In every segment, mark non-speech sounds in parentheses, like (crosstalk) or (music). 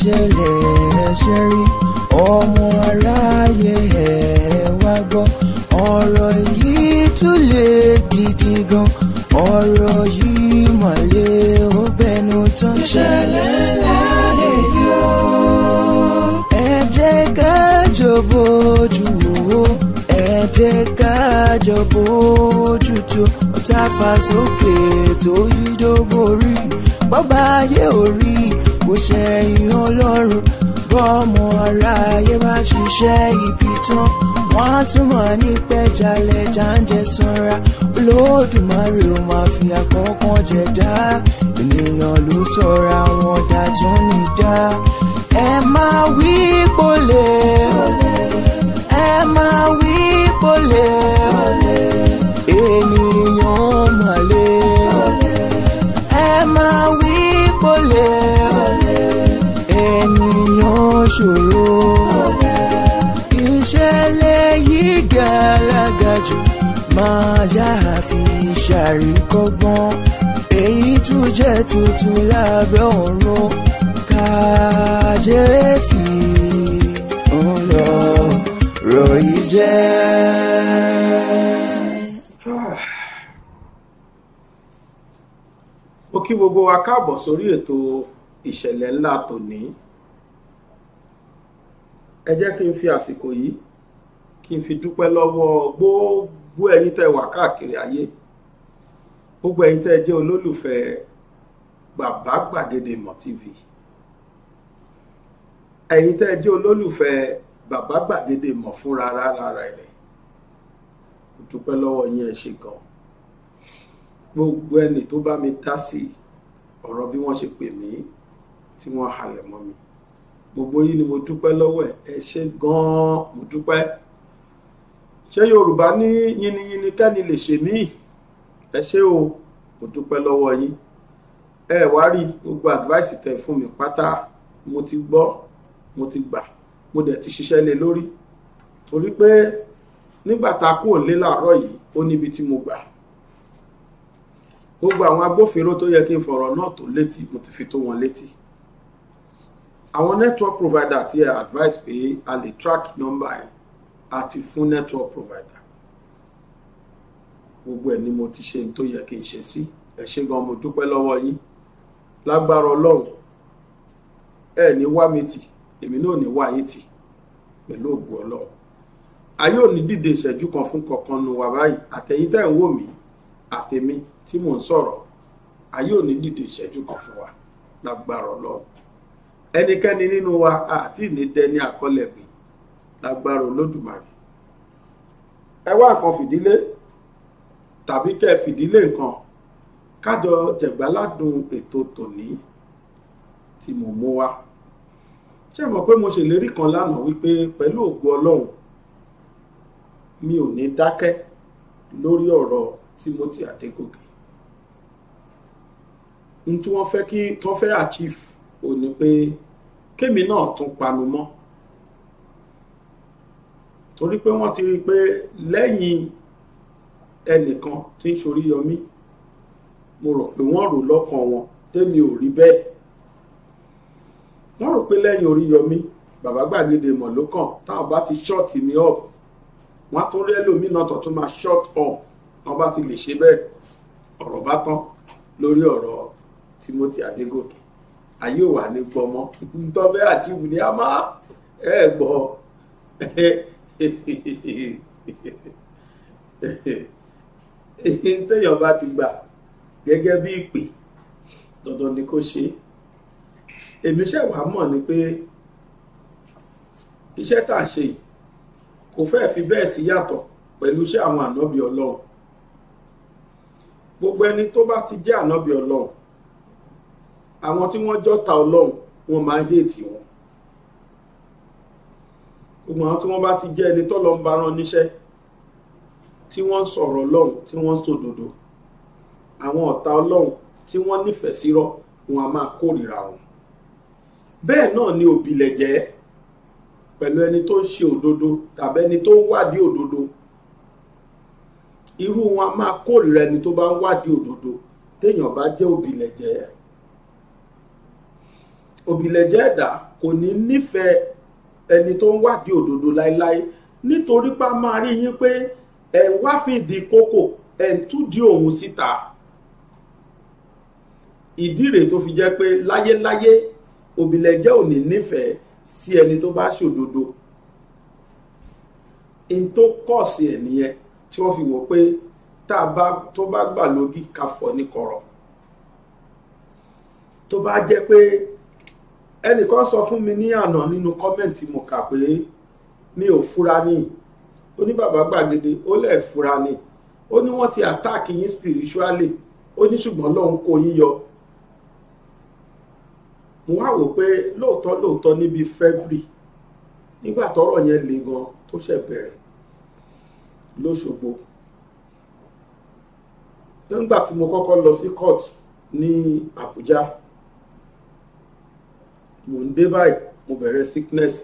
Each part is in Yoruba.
ṣẹlẹ̀ ẹ ṣe rí ọmọ aráyé ẹ wá gbọ́ ọ̀rọ̀ yìí tún lè gidi gan ọ̀rọ̀ yìí mọ̀lẹ́ ó bẹnu tán. ìṣẹ̀lẹ̀ ńlá lè yọ. ká jọ̀bọ̀ ojú wo ẹ ká jọ̀bọ̀ ojú tó tá a fà sókè tó yí dó borí bọ́ba ayé orí kò ṣẹ̀yìn ọlọ́run bọ́ọ̀mù ara ayé bá ṣiṣẹ́ ibi tán wọ́n á túmọ̀ ní pẹ́jálẹ̀ jáǹjẹ sanra olódùmarè ó máa fi àkọ́kàn jẹ dá ènìyàn ló sọ̀ra wọn dá tún ní dá ẹ máa wí pọ̀lẹ́ ẹ máa wí pọ̀lẹ́ ènìyàn màlẹ́ ẹ máa wí. ṣòro ìṣẹ̀lẹ̀ yìí gàlágà jù máa yá àfi ṣàríkọ́gbọ́n èyí tún jẹ́ tuntun lábẹ́ ọ̀run kàyéfì ńlọrọ̀ yìí jẹ́. mo kí gbogbo wa káàbọ̀ sórí ètò ìṣẹ̀lẹ̀ ńlá tòní ẹ jẹ́ kí n fi àsìkò yìí kí n fi dúpẹ́ lọ́wọ́ gbogbo ẹ̀yin tẹ́ wà káàkiri ayé gbogbo ẹ̀yin tẹ́ jẹ́ olólùfẹ́ bàbá gbàgede mọ̀ tv ẹ̀yin tẹ́ jẹ́ olólùfẹ́ bàbá gbàgede mọ̀ fúnra rárá rẹ̀ dúpẹ́ lọ́wọ́ yín ẹ ṣe gan gbogbo ẹni tó bá mi dá sí ọ̀rọ̀ bí wọ́n ṣe pè mí tí wọ́n halẹ̀ mọ́ mi gbogbo yín ni mo dúpẹ́ lọ́wọ́ ẹ̀ ẹ ṣe gan-an mo dúpẹ́ ṣé yorùbá ní yiniyini kẹ́ni lè ṣe mí ẹ ṣé o mo dúpẹ́ lọ́wọ́ yín ẹ wá rí gbogbo advice tẹ́ fún mi pátá mo ti gbọ́ mo ti gbà mo dẹ̀ ti ṣiṣẹ́ lé lórí torí pé nígbà tá a kúrò lé láàárọ̀ yìí ó níbi tí mo gbà gbogbo àwọn agbófinró tó yẹ kí n fọ̀rọ̀ náà tó létí mo ti fi tó wọn létí àwọn network provider ti ẹ advice pé a lè track number ẹ àti fún network provider gbogbo ẹ ni mo ti ṣe tó yẹ kí n ṣe sí ẹ ṣé gan mo dúpẹ́ lọ́wọ́ yín lágbára Ọlọ́run ẹ ní wá mi tì èmi náà ní wá yín tì pẹ̀lú ògùn Ọlọ́run ayé ò ní dìde ìṣẹ́jú kan fún kankan nu wa báyìí àtẹ̀yin tẹ́ ń wò mí àtèmi tí mò ń sọ̀rọ̀ ayé ò ní dìde ìṣẹ́jú kan fún wa lágbára Ọlọ́run ẹnikẹ́ni nínú wa àti ìnídẹni àkọlẹ̀gbìn lágbára olódùmarè ẹ wá nǹkan fìdílé tàbí kẹ́ fìdílé nǹkan kájọ jẹ̀gbáládùn ètò tòní tí mo mú wá ṣé mọ̀ pé mo ṣèlérí kan lánàá wípé pẹ̀lú ògo ọlọ́run mi ò ní dákẹ́ lórí ọ̀rọ̀ Timothy Adégòkè n tí wọ́n fẹ́ kí wọ́n achieve ò ní pé kémi náà tún panu mọ́ torí pé wọ́n ti rí i pé lẹ́yìn ẹnìkan tí ń sorí yọmí mo rò pé wọ́n rò lọ́kàn wọn tẹ́mi ò rí bẹ́ẹ̀ wọ́n rò pé lẹ́yìn orí yọmí bàbá gbàgede mọ̀ ló kàn táwọn bá ti ṣọ́ọ̀tì mi up wọ́n á tún rí ẹlòmínà tó tún máa ṣọ́ọ̀tì up wọ́n bá ti lè ṣe bẹ́ẹ̀ ọ̀rọ̀ bá tán lórí ọ̀rọ̀ Timothy Adégòkè ayé wà ní gbọmọ ntọ́fẹ́ àtìwù ni a máa ẹ gbọ́ téèyàn bá ti gbà gẹ́gẹ́ bí ìpè dandan ni kò ṣe èmi ṣe wàá mọ̀ ni pé iṣẹ́ tá a ṣe yìí kò fẹ́ẹ̀ fi bẹ́ẹ̀ sí yàtọ̀ pẹ̀lú iṣẹ́ àwọn ànábì ọlọ́run gbogbo ẹni tó bá ti jẹ́ ànábì ọlọ́run àwọn tí wọ́n jọ́ta ọlọ́run wọ́n máa ń hèètì wọn gbogbo àwọn tí wọ́n bá ti jẹ́ ẹni tọ́lọ́ ń bá rán níṣẹ́ tí wọ́n ń sọ̀rọ̀ ọlọ́run tí wọ́n ń sòdodo àwọn ọ̀tá ọlọ́run tí wọ́n nífẹ̀ẹ́ sírọ́ wọn a máa kórìíra wọn bẹ́ẹ̀ náà ni òbílẹ̀ jẹ́ pẹ̀lú ẹni tó ń ṣe òdodo tàbí ẹni tó ń wádìí òdodo irú wọn a máa kórìíra ẹni tó bá ń wádìí òdodo téèyàn bá jẹ́ òbílẹ̀ jẹ́ òbílẹ̀jẹ́ ẹ̀dá kò ní nífẹ̀ẹ́ ẹni tó ń wádìí òdodo láéláé nítorí pé a máa rí yín pé ẹ̀ ń wá fìdí kókò ẹ̀ ń túdí òun síta ìdí rèé tó fi jẹ́ pé láyéláyé òbílẹ̀jẹ́ ò ní nífẹ̀ẹ́ sí ẹni tó bá ṣòdodo n tó kọ̀ sí ẹ̀ nìyẹn tí wọ́n fi wò pé tá a bá tó bá gbà lógi ká fọ́ ní kọ̀rọ̀ tó bá jẹ́ pé ẹnìkan sọ fún mi ní àná nínú kọ́mẹ̀ntì mo kà pé mi ò fura ní oníbàbá gbàgede ó lẹ̀ fura ní ó ní wọ́n ti attack yín spiritually ó ní ṣùgbọ́n lọ́hún kó yín yọ mo wá wò pé lóòótọ́ lóòótọ́ níbi February nígbà tọ́rọ̀ yẹn le gan tó ṣẹ̀ bẹ̀rẹ̀ lóṣogbo nígbà tí mo kọ́kọ́ lọ sí court ní Àbújá mò ń dé báyìí mo bẹ̀rẹ̀ sickness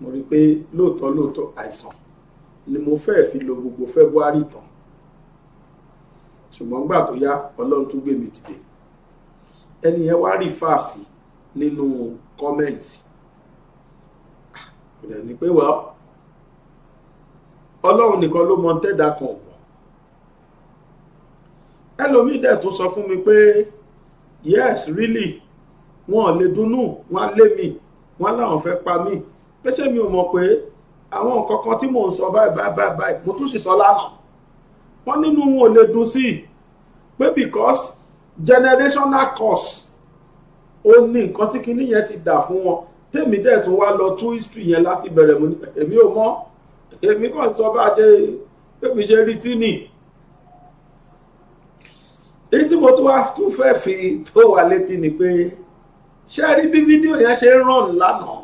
mo rí i pé lóòótọ́ lóòótọ́ àìsàn ni mo fẹ́ fi lo gbogbo February tán ṣùgbọ́n gbà tó yá ọlọ́run tún gbé mi dìde ẹni yẹn wá rí fáàsì nínú kọ́mẹ́ǹtì ah, kò dẹ̀ ní pé wá ọlọ́run nìkan ló mọ tẹ́dà kan ọ̀pọ̀ ẹlòmíì dẹ̀ tún sọ fún mi pé yes really wọn ò lè dunnú wọn á lé mi wọn láwọn fẹ́ pa mí pẹ́sẹ́ mi ò mọ̀ pé àwọn nǹkan kan tí mò ń sọ báyìí báyìí báyìí báyìí mo tún sì sọ lánàá wọn nínú wọn ò lè dùn sí i pé because generational curse ó ní nǹkan tí kinní yẹn ti dà fún wọn tèmi dẹ̀ tún wá lọ tún history yẹn láti bẹ̀rẹ̀ mu èmi ò mọ̀ èmi kàn sọ bá a ṣe pé mi ṣe rí sí nìyí èyí tí mo tún wá tún fẹ́ fi tó wa létí ni pé ṣé rí bí fídíò yẹn ṣe ń ràn lánàá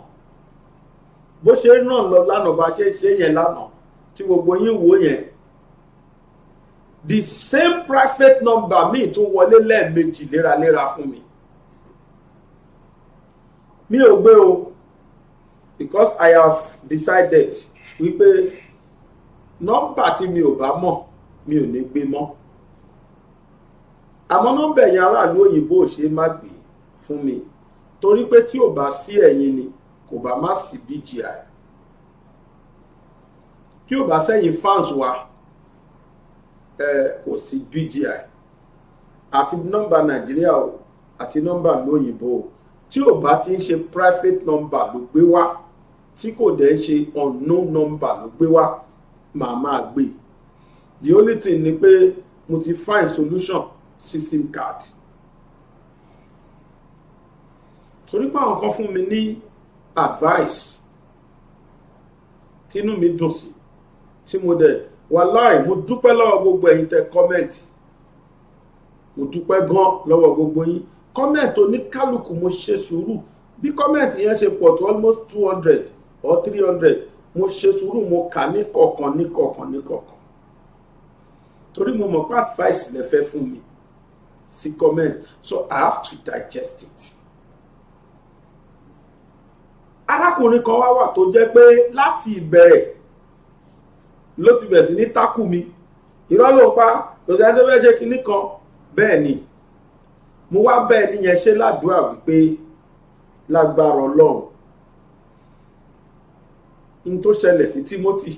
bó ṣe ń ràn lọ lánàá bá ṣe ń ṣe yẹn lánàá tí gbogbo yín wò yẹn the same private number míì tún wọlé lẹ́ẹ̀mejì léraléra fún mi mi ò gbé o because I have decided wípé nọ́mbà tí mi ò bá mọ̀ mi ò ní gbé mọ́ àmọ́ nọ́mbà ẹ̀yin aráàlú òyìnbó ò ṣe é má gbé fún mi torí pé tí ò bá sí ẹ̀yin ni kò bá má sí BGI tí ò bá sẹ́yìn fans wa ẹ kò sí BGI àti nọ́mbà nàìjíríà o àti nọ́mbà lóyìnbó o tí ò bá ti ń ṣe private number ló gbé wá tí kò dẹ̀ ń ṣe unknown number ló gbé wá màá máa gbé the only thing ni pé mo ti find solution sí sim card torí pé àwọn kan fún mi ní advice tínú mi dùn sí tí mo dẹ̀ wàláì mo dúpẹ́ lọ́wọ́ gbogbo ẹ̀yin tẹ kọ́mẹ̀ntì mo dúpẹ́ gan lọ́wọ́ gbogbo yín kọ́mẹ̀ntì oníkálukú mo ṣe sùúrù bí kọ́mẹ̀ntì yẹn ṣe pọ̀ tó almost two hundred or three hundred mo ṣe sùúrù mo kà ní kọ̀ọ̀kan ní kọ̀ọ̀kan ní kọ̀ọ̀kan torí mo mọ̀ pé advice lè fẹ́ fún mi see comment. So I have to digest it. Arákùnrin kan wá wà tó jẹ́ pé láti ìbẹ̀rẹ̀ ló ti bẹ̀rẹ̀ sí ní tákù mi. Irọ́ ló pa kò sí ṣe kinní kan bẹ́ẹ̀ ni. Mo wá bẹ́ẹ̀ nìyẹn ṣe ládùúrà wípé lágbára Ọlọ́run. N tó ṣẹlẹ̀ sí Timothy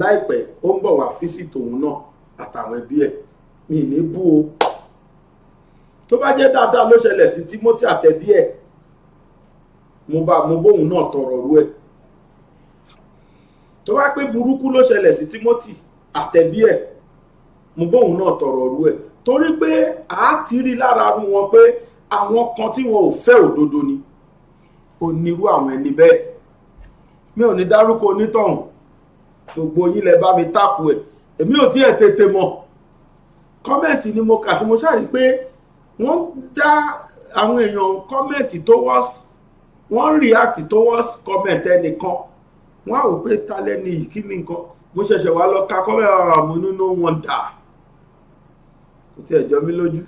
láìpẹ́ ó ń bọ̀ wá físítì òun náà àtàwọn ẹbí ẹ̀ mi ní bú o tó bá jẹ́ dáadáa ló ṣẹlẹ̀ sí Timothy àtẹ̀bí ẹ̀ mo bá mo bóun náà tọrọ ru ẹ̀ tó bá pé burúkú ló ṣẹlẹ̀ sí Timothy àtẹ̀bí ẹ̀ mo bóun náà tọrọ ru ẹ̀ torí pé a ti rí lára ru wọn pé àwọn kan tí wọn ò fẹ́ òdodo ni onírú àwọn ẹni bẹ́ẹ̀ mi ò ní dárúkọ onítọ̀hún gbogbo yín lẹ bá mi táàpù ẹ̀ èmi ò tiẹ̀ tètè mọ̀ kọ́mẹ̀ntì ni mo kà tí mo ṣàrí pé wọ́n dá àwọn èèyàn kọ́mẹ̀tì towards wọ́n react towards kọ́mẹ̀tì ẹnìkan wọ́n á wò pé ta lẹ́ni yìí kí ni nǹkan mo ṣẹ̀ṣẹ̀ wá lọ ka kọ́mẹ̀tì ara ah, mo nínú wọn dà kò tiẹ̀ jọ mí lójú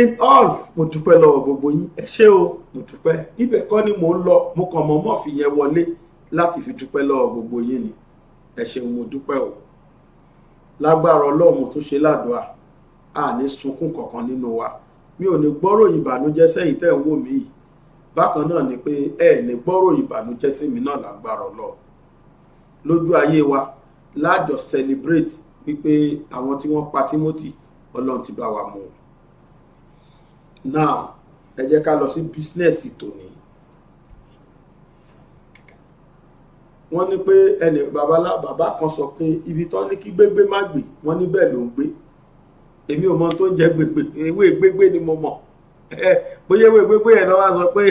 in all mo dúpẹ́ lọ́wọ́ gbogbo yín ẹ ṣé o mo dúpẹ́ ibẹ̀ kọ́ ni mo ń lọ mo kàn mọ́ mọ́ fi yẹn wọlé láti fi dúpẹ́ lọ́wọ́ gbogbo yín ni ẹ ṣeun mo dúpẹ́ o lágbára ọlọ́run tó ṣe ládùúà àní sunkún kankan nínú wa mi ò ní gbọ́rọ̀ ìbànújẹ́ sẹ́yìn tẹ́ ń wò mí yìí bákan náà ni pé ẹ ní gbọ́rọ̀ ìbànújẹ́ sí mi náà lágbára lọ lójú ayé wa láàjọ celebrate wípé àwọn tí wọ́n pa Timothy ọlọ́run ti bá wa mú un now ẹ jẹ́ ká lọ sí business tòní wọ́n ní pé ẹnì bàbá kan sọ pé ibi tán ní kí gbégbé má gbé wọ́n ní bẹ́ẹ̀ ló ń gbé èmi ò mọ tó ń jẹ gbègbè ewé gbégbé ni mo mọ bóyá ewé gbégbé yẹn lọ́wọ́ sọ pé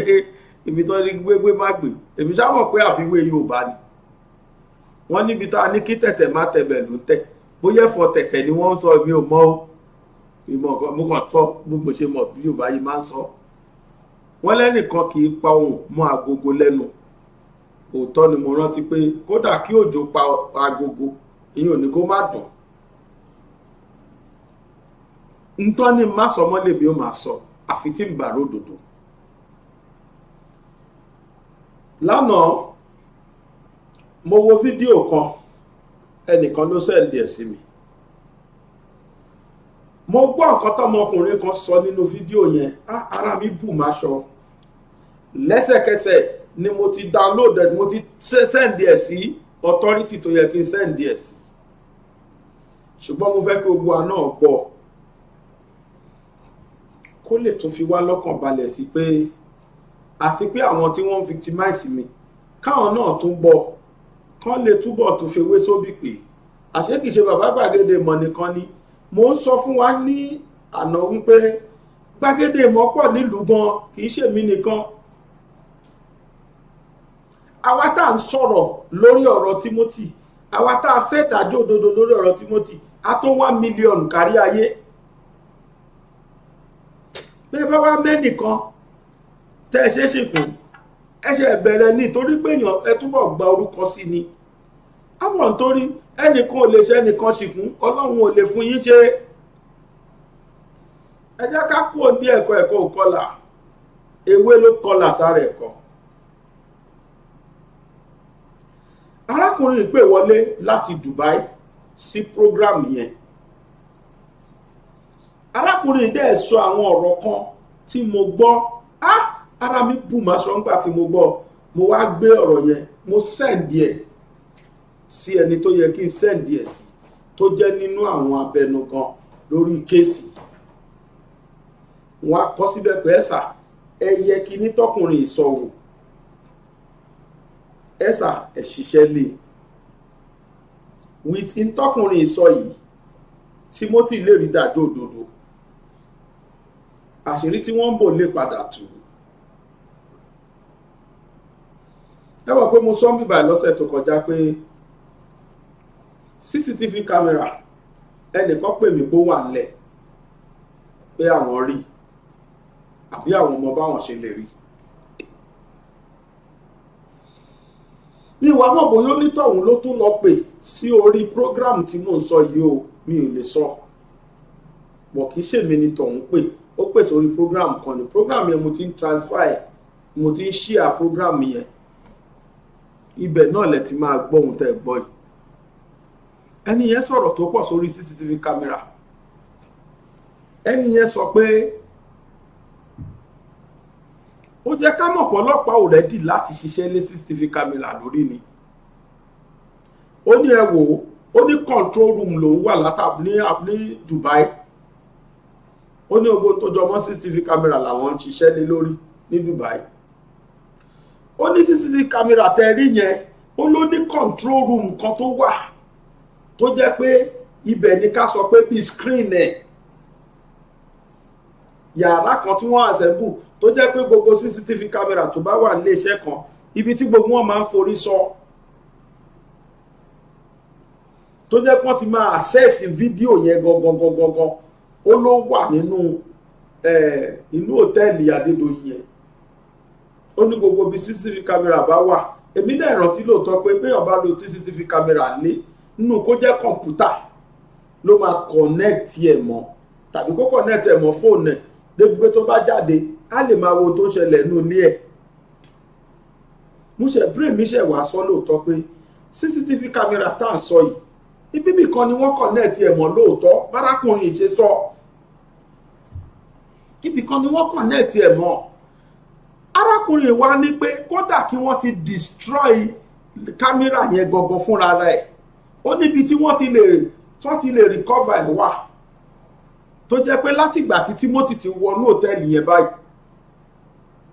èmi tó ní gbégbé má gbé èmi ṣá mọ̀ pé àfiwé Yorùbá ni wọ́n níbi tá a ní kí tẹ̀tẹ̀ má tẹ̀bẹ̀ ló ń tẹ̀ bóyá ẹ̀fọ́ tẹ̀tẹ̀ ni wọ́n ń sọ èmi ò mọ̀ o ìmọ̀ kan mo kàn sọ gbogbo ṣe mọ̀ bí Yorùbá yìí máa ń sọ wọ́n lẹ́nìkan kì í pa ohùn mọ́ agogo lẹ́nu òótọ́ ni mo rántí pé kódà kí òjò pa agogo ìyẹn ò ní kó má dùn ntọ́ni mmasọ mọ́lẹ́bí ó máa sọ àfi tí ń bàrọ̀ òdòdó lánàá mo wo fídíò kan ẹnìkan ló sẹ́ẹ̀dì ẹ̀ sí mi mo gbọ́ ọ̀kan tọmọkùnrin kan sọ nínú fídíò yẹn ara mi bù máa sọ lẹ́sẹ̀kẹsẹ̀ ni mo ti download ẹ̀ mo ti sẹ́ẹ̀dì ẹ̀ sí authority tó yẹ kí n sẹ́ẹ̀dì ẹ̀ sí ṣùgbọ́n mo fẹ́ kí gbogbo wa gbọ́ ọ kó lè tún fi wá lọ́kàn balẹ̀ sí pé àti pé àwọn tí wọ́n ń victimize mi káwọn náà tún bọ̀ kán lè túbọ̀ tún fewé sóbì pé àṣé kìí ṣe bàbá gbàgede mọ̀ nìkan ni mo ń sọ fún wa ní àná wípé gbàgede ìmọ̀ pọ̀ nílùú gan kìí ṣèmi nìkan àwa tá à ń sọ̀rọ̀ lórí ọ̀rọ̀ Timothy àwa tá a fẹ́ dájọ́ òdodo lórí ọ̀rọ̀ Timothy a tó one million kárí ayé bẹ́ẹ̀ bá wá mẹ́nìkan tẹ́ ẹ ṣe é ṣìnkú ẹ ṣe bẹ̀rẹ̀ ní torí pé èèyàn ẹ túbọ̀ gba orúkọ sí ni àmọ́ nítorí ẹnìkan ò lè ṣe ẹnìkan ṣìnkú ọlọ́run ò lè fún yín ṣe ẹ jẹ́ ká kú òní ẹ̀kọ́ ẹ̀kọ́ òkọlà ewé ló kọlà sára ẹ̀kọ́ arákùnrin ìpè wọlé láti Dubai sí program yẹn arákùnrin dẹ́ sọ àwọn ọ̀rọ̀ kan tí mo gbọ́ á ara mi bù má sọ nígbà tí mo gbọ́ mo wá gbé ọ̀rọ̀ yẹn mo sẹ́ǹdì ẹ̀ sí ẹni tó yẹ kí n sẹ́ǹdì ẹ̀ sí tó jẹ́ nínú àwọn abẹnugan lórí kéèsì wọn kọ síbẹ̀ pé ẹ̀sà ẹyẹ kíní tọkùnrin ìsọ̀wò ẹ̀sà ẹ̀ṣiṣẹ́ lè with ntọkùnrin ìsọ yìí Timothy lè rí dájọ́ òdodo àṣírí tí wọ́n ń bò lè padà tù ú. ẹ wọ pé mo sọ ń bíbà lọ́sẹ̀ tó kọjá pé cctv camera ẹnìkan pè mí bó wà ńlẹ̀ pé àwọn rí àbí àwọn ọmọ báwọn ṣe lè rí. mi wàá mọ̀ bóyá onítọ̀hún ló tún lọ pè sí orí program tí mò ń sọ yìí o mi ò lè sọ pọ̀ kì ṣèmi ni tọ̀hún pè ó pè sórí program kan ní program yẹn mo ti ń transfer ẹ̀ mo ti ń share program yẹn ibẹ̀ náà lẹ ti máa gbọ́ ohun tẹ́ ẹ gbọ́ yìí ẹni yẹn sọ̀rọ̀ tó pọ̀ sórí cctv camera ẹni yẹn sọ pé ó jẹ́ ká mọ̀ pọ́lọ́pàá ò rẹ́dì láti ṣiṣẹ́ lé cctv camera lórí ni ó ní ẹ wò ó ní control room lòún wà látàbí ní Dubai ó ní ogbó tó jọmọ́ cctv camera làwọn ń ṣiṣẹ́ lé lórí ní Dubai ó ní cctv camera tẹ rí yẹn ó ló ní control room kan tó wà tó jẹ́ pé ibẹ̀ ni ká sọ pé bíi screen ẹ̀ yàrá kan tí wọ́n assemble tó jẹ́ pé gbogbo cctv camera tó bá wà nílé iṣẹ́ kan ibi tí gbogbo wọn máa ń forí sọ tó jẹ́ pé wọ́n ti máa access fídíò yẹn gangan gangan gangan ó ló wà nínú inú òtẹ́ẹ̀lì Adédoyin yẹn ó ní gbogbo bí cctv camera bá wà èmi náà rántí lóòótọ́ pé béèyàn bá lo cctv camera lé nínú kó jẹ́ kọ̀ǹpútà ló máa connect ẹ̀ mọ́ tàbí kó connect ẹ̀ mọ́ fóònù ẹ̀ débi pé tó bá jáde á lè máa wo tó ń ṣẹlẹ̀ nínú ilé ẹ̀ múṣẹ brain mi ṣe wàá sọ lóòótọ́ pé cctv camera tá à ń sọ yìí ibi bìkan ni wọ́n connect ẹ̀ mọ́ lóòótọ́ bárakùnrin ìṣe ibì kan ni wọ́n connect ẹ̀ mọ́ arákùnrin wa ní pé kódà kí wọ́n ti destroy kámẹ́rà yẹn gangan fúnra rẹ̀ ó níbi tí wọ́n ti lè tó ti lè recover ẹ̀ wá tó jẹ́ pé látìgbà tí Timothy ti wọnú òtẹ́ẹ̀lì yẹn báyìí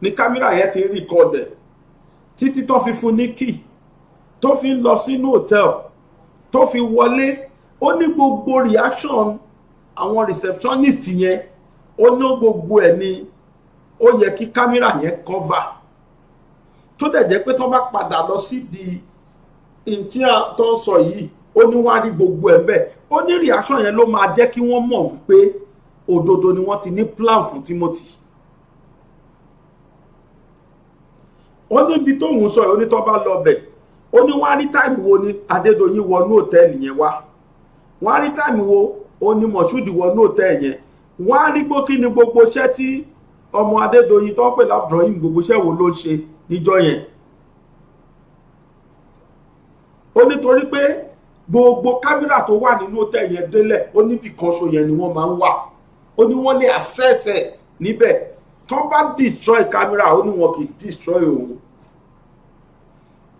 ni kámẹ́rà yẹn ti record ẹ̀ títí tó fi fún ní kì tó fi ń lọ sínú òtẹ́ẹ̀lì tó fi wọlé ó ní gbogbo reaction àwọn receptionist yẹn ó ná gbogbo ẹ̀ ni ó yẹ kí kámẹ́rà yẹn kọ́va tó dẹ̀ jẹ́ pé tó bá padà lọ sídìí ntí tó ń sọ yìí ó ní wọ́n á rí gbogbo ẹ̀ bẹ́ẹ̀ ó ní reaction yẹn ló máa jẹ́ kí wọ́n mọ̀ wípé òdodo ni wọ́n ti ní plan fún Timothy ó níbi tóun sọ yìí ó ní tó bá lọ bẹ̀ ó ní wọ́n á rí táìmù wo ni Adédoyin wọnú òtẹ́ẹ̀lì yẹn wá wọ́n á rí táìmù wo ó ní Mọ̀ṣúdì wọnú òtẹ́ẹ̀lì yẹn wọ́n á rí gbókí ni gbogbo iṣẹ́ tí ọmọ Adédoyin tó ń pè lábdọ̀yìn gbogbo iṣẹ́ wo ló ń ṣe níjọ́ yẹn ó nítorí pé gbogbo kámẹ́rà tó wà nínú hòtẹ́ẹ̀lì yẹn délẹ̀ ó níbi kan yẹn ni wọ́n máa ń wà ó ní wọ́n lè access ẹ̀ tó bá destroy kámẹ́rà ó ní wọn kì í destroy òun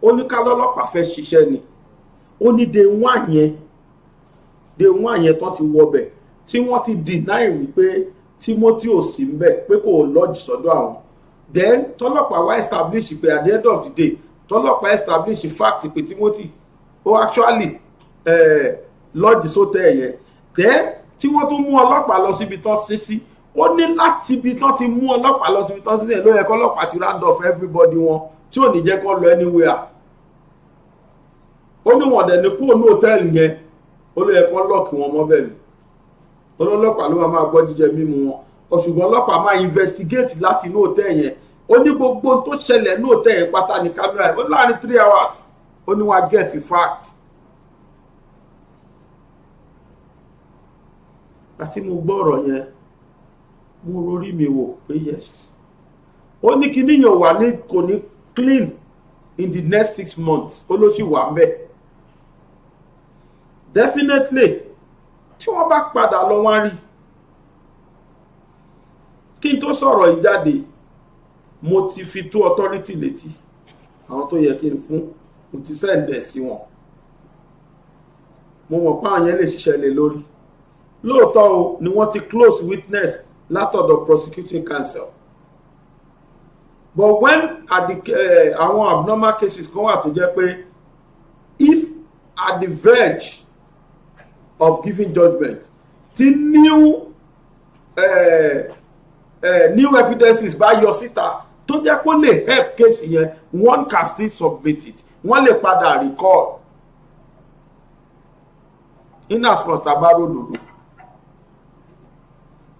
ó ní ká lọ́lọ́pàá fẹ́ ṣiṣẹ́ ni ó ní de wọ́n àyẹn de wọ́n àyẹn tán ti wọbẹ̀ tí wọ́n ti deny wípé Timothy ò sí mbẹ̀ pé kò lodge sọ́dọ̀ àwọn then tọ́lọ́pàá wá establish pé at the end of the day tọ́lọ́pàá establish fact pé Timothy ó actually eh, lodge sótẹ́ ẹ̀yẹ then tí wọ́n tún mú ọlọ́pàá lọ síbi tán sí sí ó ní láti ibi tán ti mú ọlọ́pàá lọ síbi tán sí sí ló yẹ kọ́ ọlọ́pàá ti round off everybody wọn tí ò ní jẹ́ kó lọ anywhere ó ní wọ́n dẹ̀ ní kúrò ní hòtẹ́ẹ̀lì yẹn ó ló yẹ kó lọ́ọ̀kì wọn mọ́bẹ̀ ni ọlọ́pàá ló máa máa gbọ́ jíjẹ mímu wọn ṣùgbọ́n ọlọ́pàá máa investigate láti inú òtẹ́ yẹn ó ní gbogbo tó ṣẹlẹ̀ ní òtẹ́ yẹn pátá ní kámẹ́rà yẹn ó láàrin three hours ó ní wọn á get fact. àti mo gbọ́ ọ̀rọ̀ yẹn mo rorí mi wò pé yes ó ní kí níyàn wà ní kò ní clean in the next six months ó ló sì wà ń definitely tí wọ́n bá padà lọ wọ́n rí kí n tó sọ̀rọ̀ ìjáde mo ti fi tó authority létí àwọn tó yẹ kí n fún mo ti sẹ́ǹdẹ̀ sí wọn mo mọ̀ pé àwọn yẹn lè ṣiṣẹ́ lé lórí lóòótọ́ o ni wọ́n ti close witness látọ̀dọ̀ prosecuting counsel but when eh, àwọn uh, abnormal cases kan wà tó jẹ́ pé if at the verge of giving judgment tí new eh, eh, new evidences bá yọ síta tó jẹ́ pé ó lè help case yẹn one can still submit it wọ́n lè padà recall in as much as baro dodo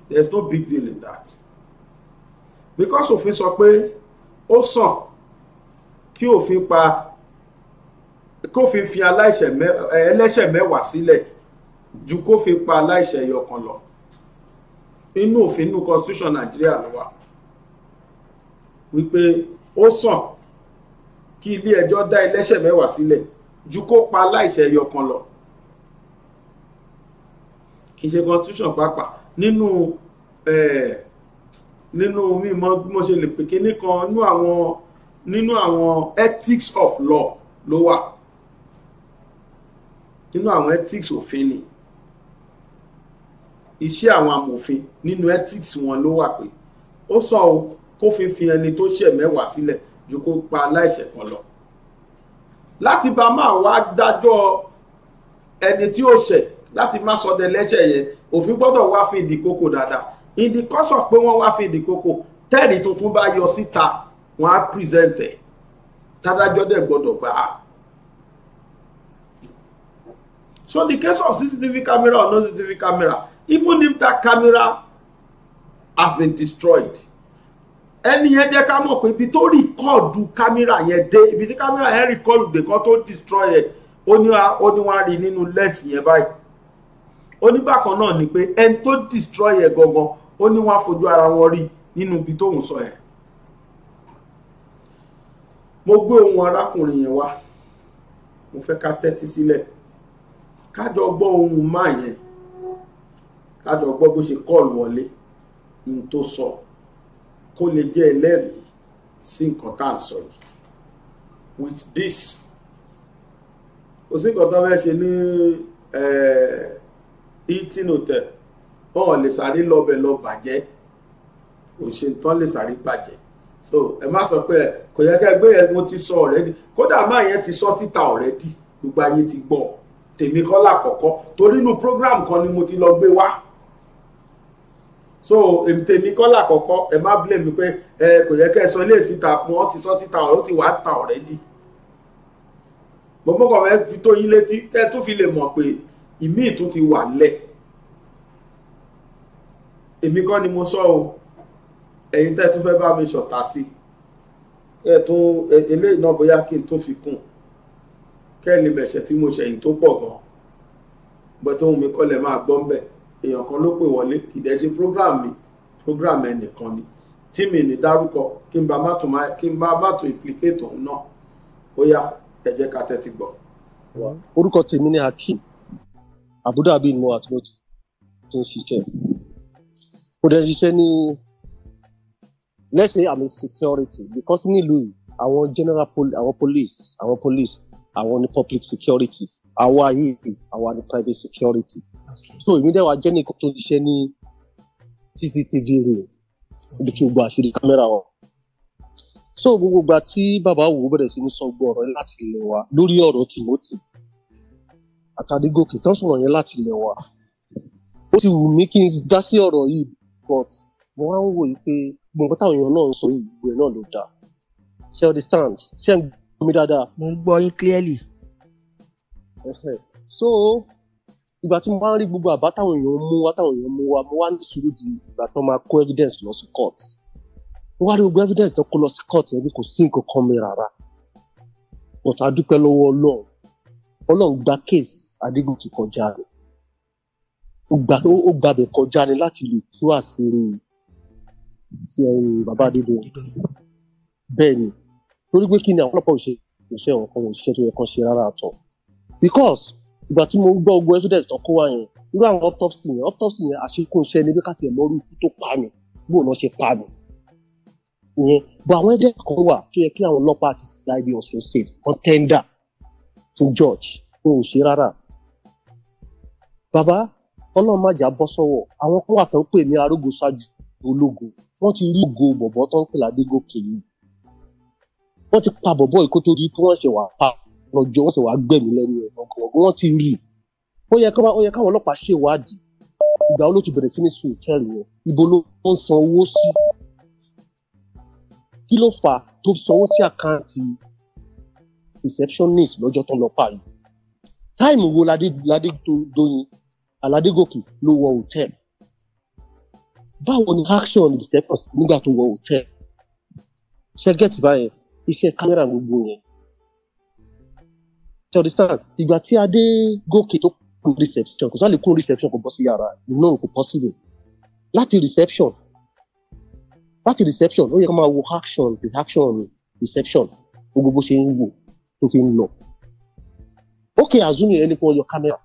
there is no big deal in that because òfin sọ pé ó sàn kí òfin pa kófin fi aláìṣẹ̀ eh, ẹlẹ́ṣẹ̀ mẹ́wàá sílẹ̀ ju kó fi pa aláìṣẹ̀ ẹyọ kan lọ inú òfin inú constitution nàìjíríà ló wà wípé ó sàn kí ilé ẹjọ́ dá ẹlẹ́ṣẹ̀ mẹ́wàá sílẹ̀ ju kó pa aláìṣẹ̀ ẹyọ kan lọ kì í ṣe constitution pàápàá nínú nínú mímọ̀ mo ṣe lè pè kíní kan nínú àwọn nínú àwọn ethics of law ló wà nínú àwọn ethics òfin ni iṣẹ́ àwọn amòfin nínú ethics wọn ló wà pé ó sọ o kó fífi ẹni tó ṣẹ̀ mẹ́wàá sílẹ̀ ju kó pa aláìṣẹ̀ kan lọ láti bá máa wá dájọ́ ẹni tí ó ṣẹ̀ láti má sọdẹ lẹ́ṣẹ̀ yẹn òfin gbọ́dọ̀ wá fi ìdí kókò dáadáa ìdí kọ́sọ̀ pé wọ́n wá fi ìdí kókò tẹ́ẹ̀rì tuntun bá yọ síta wọ́n á present ẹ̀ tádájọ́ dẹ̀ gbọ́dọ̀ gbà á. so the case of cctv camera or no cctv camera even if that camera has been destroyed ẹni yẹn jẹ́ ká mọ̀ pé ibi tó rìkọ́ọ̀dù kámẹ́rà yẹn dé ibi tí camera yẹn rìkọ́ọ̀dù dé kan tó destroy ẹ̀ ó ní wá rí nínú lens yẹn báyìí ó ní náà ni pé ẹni tó destroy ẹ̀ gangan ó ní wá fojú ara wọn rí nínú ibi tóun sọ ẹ̀ mo gbé ohun arákùnrin yẹn wá mo fẹ́ ká tẹ́tí sílẹ̀ ká gbọ́ ohun máa yẹn adọ̀gbọ́ bó ṣe kọ́ọ̀lù wọlé ní tó sọ kó lè jẹ́ ẹlẹ́rìí sí nǹkan tá à ń sọ yìí with this kò sí nǹkan tó fẹ́ ṣe ní eh, eating hotel bọ́ọ̀ lè sáré lọ́bẹ̀ lọ bàjẹ́ kò ṣe tán lè sáré bàjẹ́ so ẹ má sọ pé kò yẹ ká ẹgbẹ́ yẹn mo ti sọ ọ̀rẹ́dì kódà máa yẹn ti sọ síta ọ̀rẹ́dì gbogbo ayé ti gbọ́ tèmi kọ́ làkọ́kọ́ torí inú program kan ni mo ti lọ gbé wá so tèmi kọ́là kọ̀ọ̀kan ẹ má blame mi pé ẹ kò yẹ kẹ́ ẹ sọ ilé ìsìta wọn ti sọ síta ọ̀rọ̀ ó ti wàá ta already gbọ́ngbọ́n kọ̀ọ̀kan fi tó yín létí kẹ́ ẹ tún fi lè mọ̀ pé ìmí ìtún ti wà lẹ̀ èmi kọ́ ni mo sọ o ẹ̀yin tẹ́ tún fẹ́ bá mi ṣọ̀tá sí ẹ tún eléyìí náà bóyá kí n tún fi kún kẹ́ ẹ lè mẹ̀ṣẹ̀ tí mo ṣẹ̀yìn tó pọ̀ gan-an gbọ́tọ́ ohun mi kọ́ lẹ̀ máa gbọ́ ń bẹ́ẹ̀ èèyàn kan ló pè wọlé kì í dẹ̀ ṣe program ẹnìkan ni tí ní dárúkọ kí n bá má tún kí n bá má tún implicate òun náà ó yá ẹ ká tẹ́tí gbọ́. orúkọ tèmi ni Hakeem Abudulayi ni mo wà mo ti ń ṣiṣẹ́ mo dẹ̀ ṣiṣẹ́ ní let's say i'm in security because nílùú yìí àwọn general pol àwọn police àwọn police àwọn ni public security àwa yìí àwa ni private security so èmi dẹ̀ wá jẹ́ nìkan tó ṣiṣẹ́ ní cctv room ibi tí gbogbo àṣírí kámẹ́rà wọn so gbogbo ìgbà tí bàbá wò bẹ̀rẹ̀ sí ní sọ gbọ́ ọ̀rọ̀ yẹn láti ilẹ̀ wa lórí ọ̀rọ̀ Timothy àtàdégòkè tán sọ̀rọ̀ yẹn láti ilẹ̀ wa ó ti wù mí kí n dá sí ọ̀rọ̀ yìí but mo wá ń wò yìí pé gbogbo táwọn èèyàn náà ń sọ yìí gbogbo ẹ̀ náà ló dáa ṣe understand ṣe ń gbọ́ mi dáadáa. mo ń gbọ́ yín clearly. so ìgbà tí mo bá ń rí gbogbo àbá táwọn èèyàn mú wá táwọn èèyàn mú wá mo wá ní sùúrù di ìgbà tó máa kó evidence lọ sí court mo wá rí gbogbo evidence tó kó lọ sí court yẹn bí kò sí nǹkan kan mi rárá but a dúpẹ́ lọ́wọ́ ọlọ́run ọlọ́run gba case Adégòkè kọjá rẹ̀ ó gbàbẹ̀ kọjá ni láti lè tú àṣírí ti ẹ̀yìn eh, bàbá Adédoyin bẹ́ẹ̀ ni torí pé kí ni àwọn ọlọ́pàá ò ṣe iṣẹ́ wọn kan ò ṣiṣẹ́ tó yẹ kan ṣe rárá àtọ̀ because ìgbà tí mo gbọ́ ogun exodus tó kó wa yẹn irú àwọn autopsy yẹn autopsy yẹn àṣekúnṣe ni bí ká tiẹ̀ mọ́rú ikú tó pa mi bó náà ṣe pa mi ìyẹn bọ̀ àwọn ẹ̀dẹ̀ kan wà tó yẹ kí àwọn ọlọ́pàá àti CID Ọ̀ṣun state kan tẹ́ndà fún George fún òṣè rárá bàbá ọlọ́run má jà bọ́ sọ́wọ́ àwọn kan wà tó ń pè ní arógo ṣáájú ológo wọ́n ti rí ògo bọ̀bọ̀ tó ń pè ládégòkè yìí wọ́n ti pa bọ̀bọ̀ ìkótó rí kí wọ́n ṣe wà pa lọ́jọ́ wọ́n sì wá gbẹ̀mí lẹ́nu ẹ̀ gbọ̀ngàn wọ́n ti rí i ó yẹ káwọn ó yẹ káwọn ọlọ́pàá ṣèwádìí ìgbà olóòtú bẹ̀rẹ̀ sí ní sùn tẹ́rì wọn ibo ló ń san owó sí kí ló fà á tó sanwó sí àkáǹtì receptionist lọ́jọ́ tó ń lọ pààyàn táìmù wo ládé ládé dóyin aládégòkè ló wọ hòtẹ́ẹ̀lì báwo ni action receptionist nígbà tó wọ hòtẹ́ẹ̀lì ṣẹ́gẹ́tì báyẹn iṣẹ́ kámẹ́rà gbogbo yẹn ṣe understand ìgbà tí adé gòkè tó kú reception kò sálè kú reception kò bọ́ sí yàrá no kò possible láti reception láti reception ó yẹ ká máa wo action reaction reception gbogbo bó ṣe ń wò tó fi ń lọ ókè àzúmi ẹni kí wọ́n yọ kámẹ́rà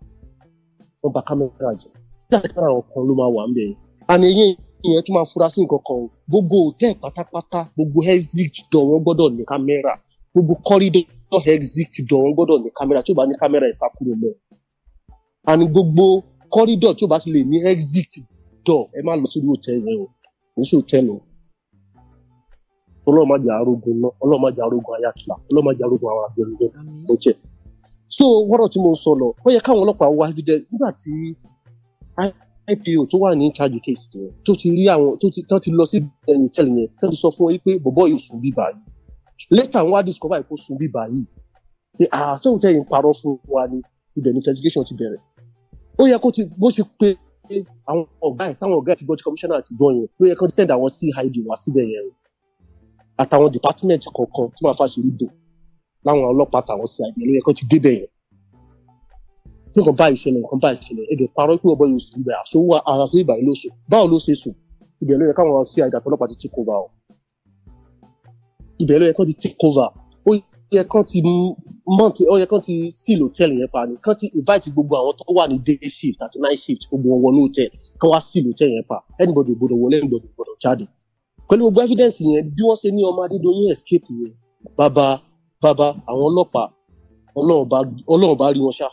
wọ́n bà kámẹ́rà jẹ́ dáadáa àwọn kan ló máa wà ń bẹ̀ yẹn àná eyín ìyẹn tó máa fura sí nǹkan kan gbogbo hòtẹ́ẹ̀ pátápátá gbogbo exit door wọ́n gbọ́dọ̀ ní kámẹ́rà gbogbo kọ́rídọ̀ exit door wọn gbọ́dọ̀ ní kámẹ́rà tí ó bá ní kámẹ́rà ẹ̀ sá kúrò mẹ́ and gbogbo corridor tí ó bá ti lè ní exit door ẹ má lọ sí irú hotel yẹn o kò sí hotel o ọlọ́run má jà arógun náà ọlọ́run má jà arógun ayákìlá ọlọ́run má jà arógun àwọn àgbẹ̀rẹ̀ ló jẹ́ so wọ́rọ̀ tí mo sọ lọ ó yẹ káwọn ọlọ́pàá wá dídẹ nígbà tí IPO tó wà ní charge case yẹn tó ti rí àwọn tó ti lọ sí eh, hotel yẹn tó ti sọ fún wọn pé bọ̀bọ̀ yóò sùn bíbá yìí later wọ́n á discover ìkó sun bíbá yìí pé àṣẹ òtẹ́ yìí ń parọ́ fún wa ni ibẹ̀ ni investigation ti bẹ̀rẹ̀ ó yẹ kó ti bó ṣe pé àwọn ọ̀gá ẹ̀ táwọn ọ̀gá ẹ̀ ti gbọ́ ti commissioner ti gbọ́ yẹn ló yẹ kó ti send àwọn CID wá síbẹ̀ yẹn o àtàwọn department kọ̀ọ̀kan tó máa fàṣírí dò láwọn ọlọ́pàá àtàwọn CID ló yẹ kó ti débẹ̀ yẹn nǹkan bá ìṣẹ̀lẹ̀ nǹkan bá ìṣẹ̀lẹ̀ ẹgbẹ parọ́ pé ọbọ yóò sì ibẹ̀ àṣọwọ àṣọ ìbàyí ló sùn báwo ló ṣe sùn ibẹ̀ ló yẹ káwọn CID àtọlọ́pàá ti take over o ibẹ̀ ló yẹ kán ti take over ó yẹ kán ti mount ó yẹ kán ti seal hotel yẹn pa ni kán ti invite gbogbo àwọn tó wà ní day shift àti night shift gbogbo wọn wọnú hotel kán wá seal hotel yẹn pa anybody gbọ́dọ̀ wọlé anybody gbọ́dọ̀ jáde pẹ̀lú gbogbo evidence yẹn bí wọ́n ṣe ní ọmọ Adédoyin escape yẹn bàbá bàbá àwọn ọlọ́pàá ọlọ́run bá rí wọn ṣá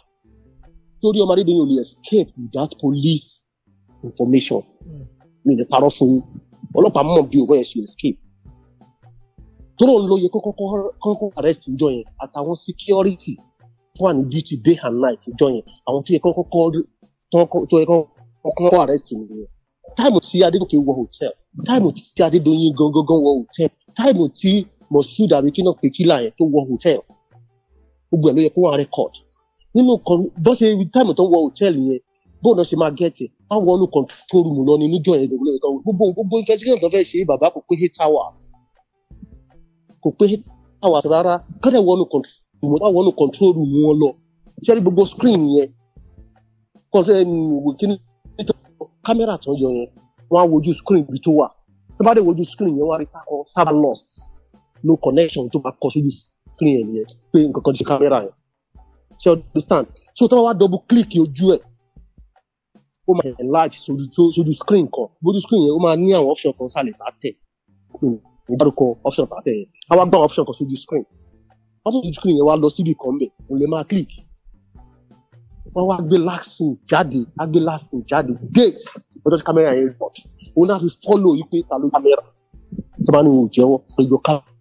torí ọmọ Adédoyin ò lè escape without police information hmm. mi ní parọ́ fún yín ọlọ́pàá mọ̀ bí òun yẹn ṣe escape tó náà ló yẹ kọ́kọ́ arrest ìjọ yẹn àtàwọn security tó wà ní duty day and night ìjọ yẹn àwọn tó yẹ kọ́kọ́ tó yẹ kọ́kọ́ arrest nìyẹn táìmù tí Adégòkè wọ hotel táìmù tí Adédoyin gangan wọ hotel táìmù tí Moshood abikina pekila yẹn tó wọ hotel gbogbo ẹ̀ ló yẹ kó wà record nínú kan bó ṣe táìmù tó wọ hotel yẹn bó náà ṣe máa gẹ̀ẹ́tì wọ́n wọnú control room lọ ní níjọ yẹn gbogbo gbogbo investigation tó fẹ́ ṣe kò pé àwọn àṣẹ rárá kọ́dẹ̀ wọnú control room wọn lọ ṣé rí gbogbo screen yẹn control wò kí ni kámẹ́rà tó ń yọ yẹn wọ́n á wojú screen ibi tó wà tó bá dé wojú screen yẹn wọ́n á rí pákó server lost no connection tó bá kọ sójú screen yẹn nìyẹn pé nǹkan kan ti ṣe kámẹ́rà yẹn ṣe understand so tó bá wá double click ojú ẹ̀ ó máa enlarge sójú sójú screen kan bójú screen yẹn ó máa ní àwọn option kan sálẹ̀ tá tẹ̀ ó dárúkọ option tàtẹ̀ yẹn á wá gbọ́ option kan sójú screen option sójú screen yẹn wá lọ síbi kan bẹ̀ òun lè máa click wọ́n wá gbé laxin jáde á gbé laxin jáde date ọjọ́ tí kámẹ́rà yẹn report òun náà fi follow yìí pé ta ló kámẹ́rà tó bá ní òun jẹ́wọ́ pé yọ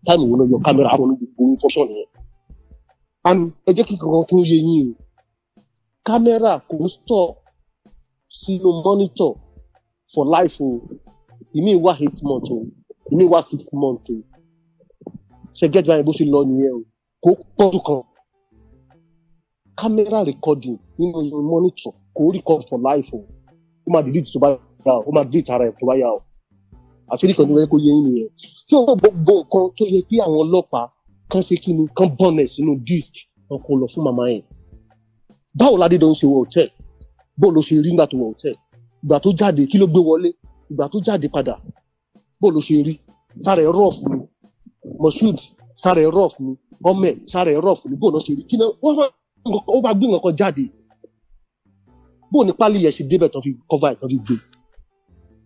táìmù wọn yọ camera àwọn gbogbo information yẹn and ẹ jẹ́ kí kankan tún yé yín o kámẹ́rà kò ń stọ̀ sínú monitor for life o ìmí wà eight months o èmi wá six months o ṣe get báyìí bó ṣe lọ nìyẹn o kò pọ́dù kan camera recording nínú your monitor kò record for life o ó máa delete tó bá yà ó máa delete ara ẹ̀ tó bá yà o àṣírí kan ní wọ́n yẹ kó yẹ yín nìyẹn tí wọ́n gbogbo nǹkan tó yẹ kí àwọn ọlọ́pàá kan ṣe kí ni kan bọ́nẹ̀ sínú disc wọn kò lọ fún màmá yẹn báwo ládédọ̀ ń ṣe wọ hòtẹ́ẹ̀lì bó ló ṣe rí nígbà tó wọ hòtẹ́ẹ̀lì ìgbà tó jáde kí ló gbé wọlé ìgbà tó jáde padà bóòlù ṣe rí sára ẹ̀ rọ̀ fún mi moshood sára ẹ̀ rọ̀ fún mi ọmọ ẹ̀ sára ẹ̀ rọ̀ fún mi bóòlù ṣe rí kí náà wọ́n bá gbé nǹkan jáde bóòlù pálí yẹn ṣe débẹ̀ tán fi cover ẹ̀ tán fi gbé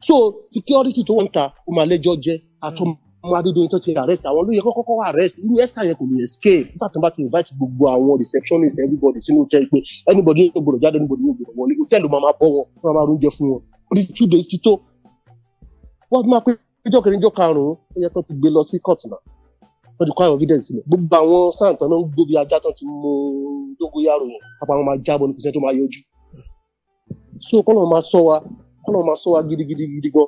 so security tó wọ́n ta ó máa lẹ́jọ́ jẹ́ àtọ́mọ́ ọmọ adédọyìn tó ti arrest àwọn olóyè kọ́kọ́ wà arrest irú esther yẹn kò lè escape nígbà tó bá ti invite gbogbo àwọn receptionist everybody sínú hotel pé anybody yóò gbọ́dọ̀ jáde anybody yóò gbọ́dọ̀ wọlé hotel ló máa bọ́ wọn wọ́n máa rúnjẹ fún wọn orí two days ti tó wọ́n máa pé níjọ́ kìíní jọ́ karùn-ún ó yẹ kó ti gbé lọ sí court náà wọ́n ti kó àwọn evidence sílẹ̀ gbogbo àwọn sáà tán náà ń gbóbi ajá tán ti mú dógóyàrò yẹn pápá wọn máa jábọ̀ ní kùsẹ́ tó máa yọjú so kọ́nà máa sọ wa kọ́nà máa sọ wa gidigidi gidi gan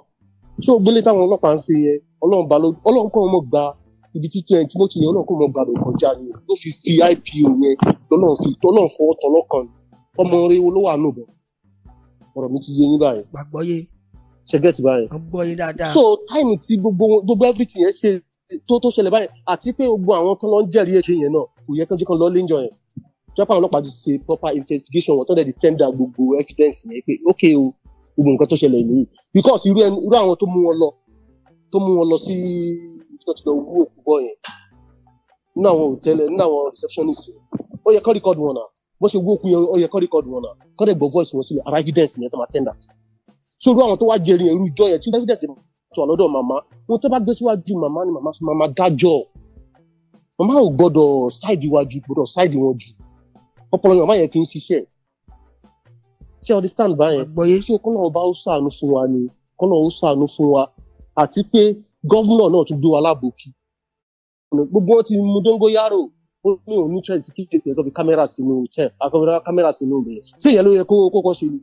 so gbélé táwọn ọlọ́pàá ń ṣe yẹn ọlọ́run ba ọlọ́run kọ́ wọn mọ̀ gba ibi títí ẹni Timothy yẹn ọlọ́run kọ́ wọn gbàgbé kọjá ni ló fi fi IPO yẹn lọ́lọ́run fi tọ́lọ́run fọwọ́ tọ́lọ́kàn ọmọ rẹ wo ló wà nù bọ̀ ọ̀rọ̀ mi ti yé yín báyìí. gbàgbọ́ yé ṣe get báyìí. ọgbọ́n yín dáadáa. so time ti gbogbo gbogbo everything yẹn ṣe tó tó ṣẹlẹ̀ báyìí àti pé gbogbo àwọn tó lọ ń jẹ́rìí èké yẹn náà kò yẹ kí wọ́n jẹ́ kán lọ léńjọ yẹn japan ọlọ́pàá ti ṣe proper investigation wọ́n tó dẹ̀ di tender gbogbo evidence yẹn pé ok o gbogbo nǹkan tó ṣẹlẹ̀ nìyí because irú ẹni irú àwọn tó mú wọn lọ tó mú wọn lọ sí tó ti lọ wú òkú bọ́ yẹn nínú àwọn hòtẹ́lẹ̀ nínú àwọn receptionist yẹn ó yẹ kán record wọn náà bó ṣe wú òkú yẹn ó voice wọn sílẹ̀ ara evidence yẹn tó máa sórí àwọn tó wá jẹrìí ẹrú ìjọ yẹn tí evidence tó wà lọ́dọ̀ màmá wọn tó bá gbé síwájú màmá ni màmá fi màmá dájọ́ màmá ò gbọ́dọ̀ ṣáìdì iwájú gbọ́dọ̀ ṣáìdì wọn jù ọpọlọ yẹn màmá yẹn fi ń ṣiṣẹ́ ṣé ọdí stand by yẹn ṣé kọ́nà ọba ó ṣàánú fún wa ni kọ́nà ó ṣàánú fún wa àti pé gọ́vnọ̀ náà tún gbé wa lábòkí gbogbo wọn ti mú dóngóyárò ó ní òun ní tírẹ̀sì kíkèsì ẹ̀dọ́ fi kámẹ́rà sínú tẹ̀ àkọ́mẹ́rà kámẹ́rà sínú rẹ̀ ṣé ìyẹn ló yẹ kó kọ́kọ́ ṣe ni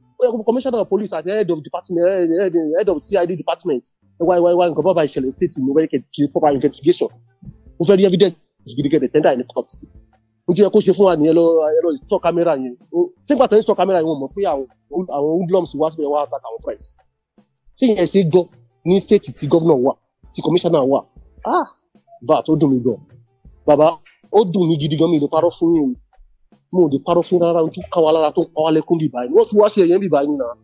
commissioner of police at the head of department head, head of CID department Why, why, why? nǹkan bàbá ìṣẹ̀lẹ̀ state mo fẹ́ kẹ́ ṣe proper investigation mo fẹ́ rí evidence gidi the tender in the court ojú ẹ kó ṣe fún wa nìyẹn lọ ẹ lọ ìtọ́ kámẹ́rà yẹn sígbà tó ń sọ kámẹ́rà yẹn wọ́n mọ̀ pé àwọn àwọn hoodlums wá síbẹ̀ wá àtàkà àwọn price ṣé ìyẹn ṣe gbọ́ ní state ti governor wà ti commissioner wà ah vat ó dùn mí gan bàbá ó dùn mí gidi gan mi lè parọ́ fún yín o mo ò lè parọ́ fún rárá ohun tó ká wa lára tó ń pa wá lẹ́kún bíbá yìí wọ́n fi wá sí ẹ̀yẹ́ bíbá yìí náà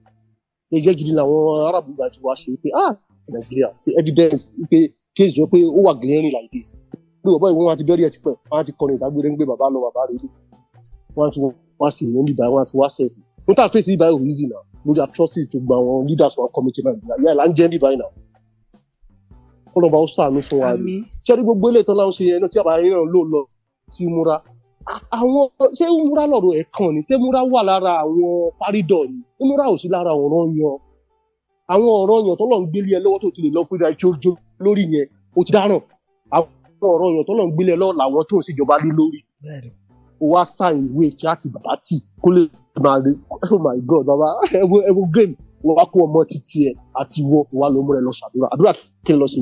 ẹ̀yẹ́ gidi làwọn arábù gbà fi wá ṣe pé ah nàìjíríà ṣe evidence pé case jọ pé ó wà glaring like this pé bàbá ìwọ́n wa ti bẹ́rí ẹ̀ ti pẹ́ wọ́n á ti kọrin ìdágbére ń gbé bàbá lọ bàbá rẹ̀ lé wọ́n á fi wá sí ìyẹn bíbá wọ́n á fi wá sẹ́ẹ̀sì wọ́n tà fèsì bíbá yìí easy náà lórí atrocity tó gba àwọn leaders wọn committee nàìjíríà yàrá ń jẹ́ bíbá yìí náà kọ́nà bá ó sàánú fún wa rè ṣé ẹni gbogbo eléyìí tán láwọn ṣe yẹn náà tí àbáyé àwọn ṣé múra lọ́rọ̀ ẹ̀kan ni ṣé múra wà lára àwọn fárídọ̀ ni múra ò sí lára ọ̀ràn yan àwọn ọ̀ràn yan tó lọ ń gbélé ẹ lọ́wọ́ tó ti lè lọ fún ìdájọ́ jójó lórí yẹn ó ti dáràn àwọn ọ̀ràn yan tó lọ ń gbélé ẹ lọ́wọ́ làwọn tó ń ṣèjọba lé lórí ó wá sá ìwé kí á ti bàbá tì kó lè máa rí oh my god bàbá ẹwọ ẹwọ game wọn wá kó ọmọ títí ẹ àti wọ wà ló múra ẹ lọ ṣàdúrà àdúrà kí n lọ sí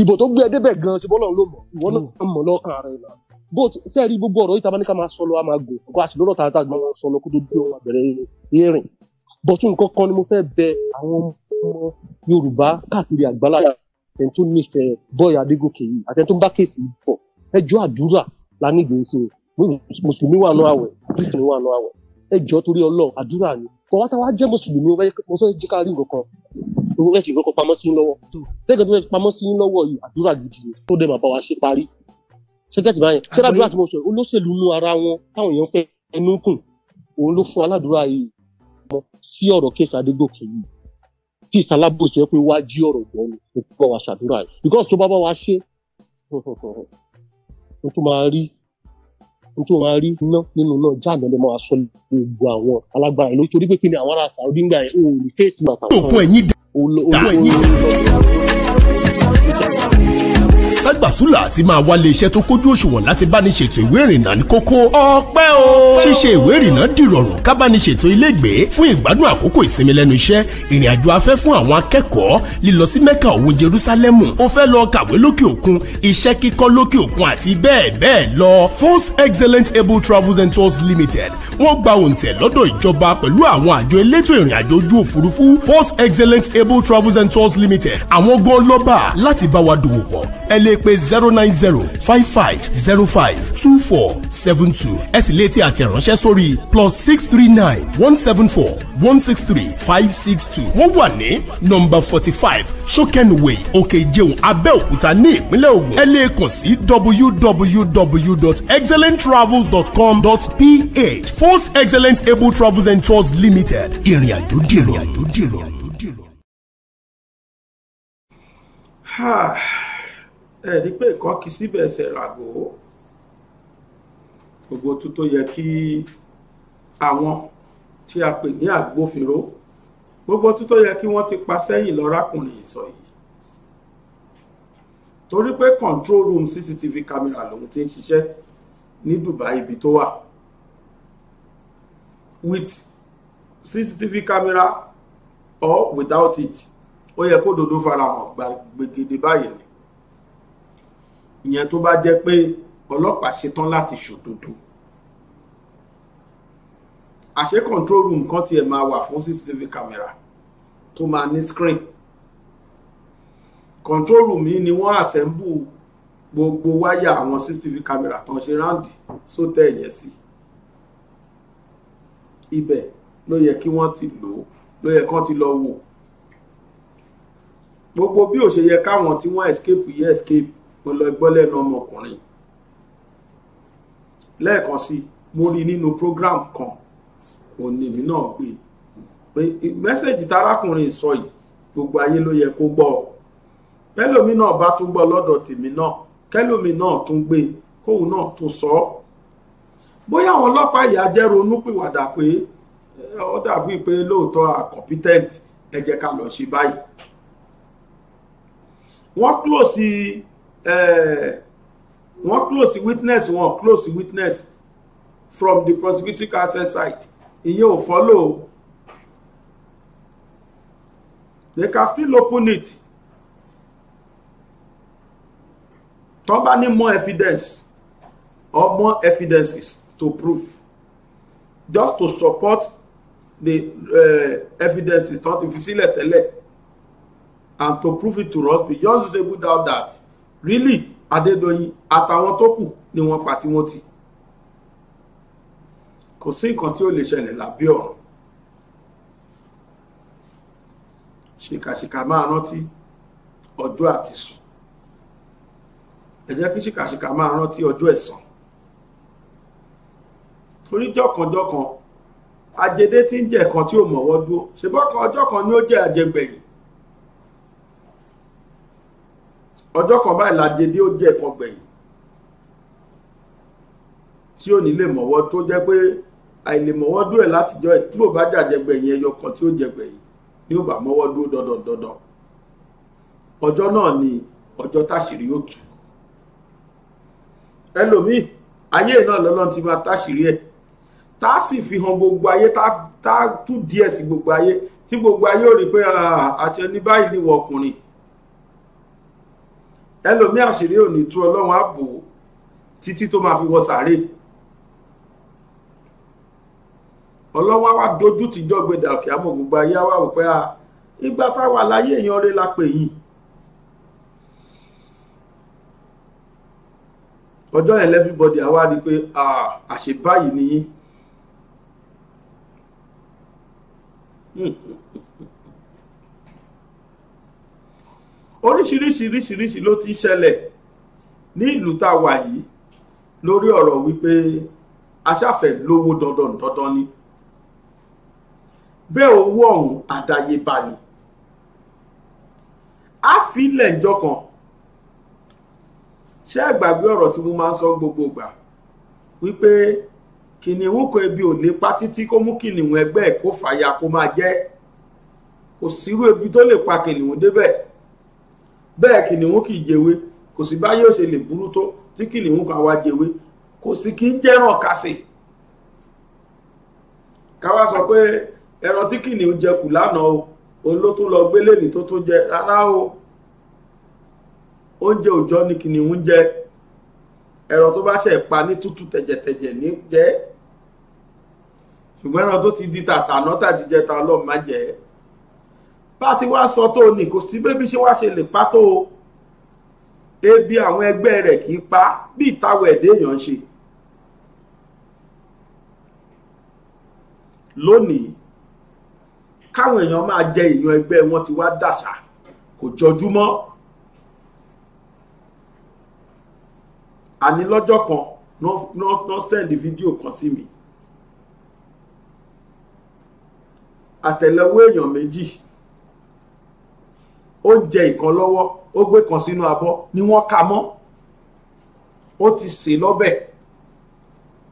ibò tó gbé ẹ débẹ̀ gan ṣe bọ́lọ̀ ló mọ̀ ìwọ náà mọ̀ lọ́kàn ara ẹ̀ náà but sẹ́ẹ̀rí gbogbo ọ̀rọ̀ yìí tá a bá ní ká máa sọlọ a máa gùn kó a sì lọ́rọ̀ tààtà gbọ́n máa sọlọ kó tó dé òun àbẹ̀rẹ̀ erin nǹkan kan ni mo fẹ́ bẹ àwọn ọmọ Yorùbá káàkiri àgbáláyà ẹni tó nífẹ̀ẹ́ Bọ́yà Adégòkè yìí àti ẹni tó ń bá kéèsì bọ̀ ẹjọ́ àdúrà la ní ìgbésí o mùsùlùmí wà nù àwẹ̀ kristian wà nù àwẹ̀ ẹjọ́ torí Ọlọ́run àdúrà ni kò wá táwa jẹ́ mùsùlùmí mo fẹ́ jẹ́ ká rí nǹkan kan mo fẹ́ fi nǹkan kan pamọ́ sí yín lọ́wọ́ lẹ́gbẹ̀ẹ́ tó fẹ́ pamọ́ sí yín lọ́wọ́ yìí àdúrà gidi ni tó dẹ̀ máa bá wa ṣe parí ṣé gẹ́tì báyẹn tíra àdúrà tí mo sọ olóṣèlú nu ara wọn táwọn èèyàn fẹ́ ẹnu kùn òun ló fún aládùúrà yìí mọ sí ọ̀rọ̀ kéésì Adégòkè yìí tí ìsalábòsí yẹ pé wá jí ọ̀rọ̀ gbọ́ ni kò bá wa ṣàdúrà yìí because tó bá bá wa ṣe (laughs) n tó máa rí n tó máa rí iná nínú náà jáde lè máa sọ gbogbo àwọn alágbára ìlú torí pé kí ni àwọn ará Saudi ń gbà yẹn òun ò ní fèsì màtà. òkun ẹ̀yìn dá òkun ẹ̀yìn dá ságbàsúlà àti máa wálé iṣẹ́ tó kójú òṣùwọ̀n láti báni ṣètò ìwé ìrìnnà ní kókó. ọpẹ́ o. ṣíṣe ìwé ìrìnnà dìrọ̀rùn ká báni ṣètò ilégbèé fún ìgbádùn àkókò ìsinmi lẹ́nu iṣẹ́ ìrìn àjò afẹ́ fún àwọn akẹ́kọ̀ọ́ lílọ sí mẹ́kà òun jerúsálẹ́mù ó fẹ́ lọ kàwé lókè òkun iṣẹ́ kíkọ́ lókè òkun àti bẹ́ẹ̀ bẹ́ẹ̀ lọ. Force Excellent Able Travels and Tours Limited wọ́n gba òǹtẹ̀ lọ́dọ̀ ìjọba pẹ̀lú àwọn àjọ elétò ìrìn àjò ojú Force Excellent Able Travels and Tours Limited àwọn gan lọ́ba láti bá wa dòwò pọ̀ ẹ lè lè zero nine zero five five zero five two four seven two ẹ sì lè ti àtẹ̀ránṣẹ́ sórí plus six three nine one seven four one six three five six two. wọ́n wà ní nọ́mbà forty five sokenway òkè ìjẹun abẹ́òkúta ní ìpínlẹ̀ Ògùn ẹ lè kàn sí www.excellenttravels.com.ph force excellent able travels and tours limited ìrìnàjò dìrò. Ha ẹ̀ẹ́dí pé ìkọ́kí síbẹ̀ ẹsẹ̀ ràgó gbogbo tó tó yẹ kí àwọn tí a pè ní agbófinró gbogbo tó tó yẹ kí wọ́n ti pa sẹ́yìn lọ́rákùnrin ìsọ̀ yìí torí pé control room cctv camera lòun ti ń ṣiṣẹ́ ní Dubai ibi tó wà with cctv camera or without it ó yẹ kó dodo farahàn gbàgede báyìí ni ìyẹn tó bá jẹ́ pé ọlọ́pàá ṣetán láti ṣòdodo àṣẹ control room kan tiẹ̀ máa wà fún cctv camera tó máa ní screen control room yìí ni wọ́n assemble gbogbo wáyà àwọn cctv camera tó ń ṣe ráǹdì sótẹ́ ẹ̀yẹ sí ibẹ̀ ló yẹ kí wọ́n ti lò ó ló yẹ kán ti lọ wò gbogbo bí ò ṣe yẹ káwọn tí wọ́n escape yẹ escape mo lọ gbọ́ lẹ́nu ọmọkùnrin lẹ́ẹ̀kan sí mo rí nínú program kan òní èmi náà gbé pé mẹ́sẹ̀gì tarákùnrin sọ yìí gbogbo ayé ló yẹ kó gbọ́ kẹ́lòmí náà bá tún gbọ́ lọ́dọ̀ tèmi náà kẹ́lòmí náà tún gbé kóun náà tún sọ ọ́ bóyá àwọn ọlọ́pàá yìí ajẹ́ ronúpìwàdà pé ó dàbí pé lóòótọ́ a competent ẹ jẹ́ ká lọ ṣe báyìí wọ́n close sí i One eh, close witness one close witness from the prosecuting counsel side ìyẹn ò follow they can still open it tó bá ní more evidence or more evidences to prove just to support the uh, evidences tó ti fi sílẹ̀ tẹ́lẹ̀ and to prove it to us we just able doubt that rílì adédọyìn àtàwọn tó kù ni wọ́n pa tí wọ́n ti kò sí nǹkan tí ó lè ṣẹlẹ̀ lábẹ́ ọ̀run ṣìkàṣìkà máa rántí ọjọ́ àti sùn ẹ jẹ́ kí ṣìkàṣìkà máa rántí ọjọ́ ẹ̀san torí jọ̀kanjọ̀kan àjèdè tí ń jẹ kan tí ò mọ̀wọ́ dúró ṣùgbọ́n ọjọ́ kan ni ó jẹ́ àjẹgbẹ̀yìn ọjọ́ kan báyìí làjèdè ó jẹ́ ẹ̀kan gbẹ̀yìn tí ò ní lè mọ̀wọ́ tó jẹ́ pé àìlèmọ̀wọ́ dúró ẹ̀ látijọ́ ẹ̀ bí ò bá jàjẹ́ gbẹ̀yìn ẹyọ kan tí ó jẹ gbẹ̀yìn ni ó bá mọ́wọ́ dúró dandan dandan ọjọ́ náà ni ọjọ́ táṣìírí ó tú ẹlòmíì ayé náà lọ́lọ́run ti máa táṣìírí ẹ̀ tá a sì fi hàn gbogbo ayé tá a tú díẹ̀ sí gbogbo ayé tí gbogbo ayé ò rí pé àṣẹ ní báyìí ni wọ́n ọkùnrin ẹlòmí àṣírí ò ní tú ọlọ́run ààbò títí tó máa fi wọ sàárè ọlọ́run àwa dojú tìjọ́ gbẹdà òkè àmọ́ gbogbo ayé àwa ò pẹ́ a ìgbà táwa láyé èèyàn rẹ̀ la pè yín ọjọ́ yẹn everybody àwa rí i pé àṣẹ báyìí nìyí. oríṣiríṣiríṣiríṣi ló ti ń ṣẹlẹ̀ ní ìlú tá a wà yìí lórí ọ̀rọ̀ wípé aṣáfẹ́ dandan dandan ni bẹ́ẹ̀ owó ọ̀hún àdáyébá ni á fi ilẹ̀ ìjọ kan ṣé ẹ ọ̀rọ̀ tí mo máa ń sọ gbogbo ìgbà wípé kìnìún kan ebi ò lépa títí kó mú kìnìún ẹgbẹ́ ẹ̀ kó fàya kó máa jẹ kò sírú ebi tó lè pa kìnìún débẹ̀ bẹ́ẹ̀ kìnìún kì í jẹwé kò sí báyé ò ṣe lè burú tó tí kìnìún wa wá jẹwé kò sí kí ń jẹ́ràn kàsì káwá sọ pé ẹran tí kìnìún jẹ kù lánàá o òun ló tún lọ gbélé ní tó tún jẹ rárá o oúnjẹ ojo ni kìnìún jẹ ẹran tó bá ṣe pa ní tútù tejeteje ní jẹ ṣùgbọ́n ẹran tó ti di tàtà nọ́tà jíjẹ ta ọlọ́run má jẹ́ ẹ́. bá ti wá sọ tó ní kò sí bébí ṣé wá ṣe lè pa tó ebi àwọn ẹgbẹ́ rẹ̀ kì í pa bí ìtawọ̀ ẹ̀dẹ́ èèyàn ń ṣe. lónìí káwọn èèyàn máa jẹ èèyàn ẹgbẹ́ wọn ti wá dàṣà kò jọjú mọ́. àní lọ́jọ́ kan wọ́n sẹ́ndì fídíò kan sí mi àtẹ̀lẹ́wọ́ èèyàn méjì ó ń jẹ ìkan lọ́wọ́ ó gbé kan sínú abọ́ ni wọ́n kà mọ́ ó ti sè lọ́bẹ̀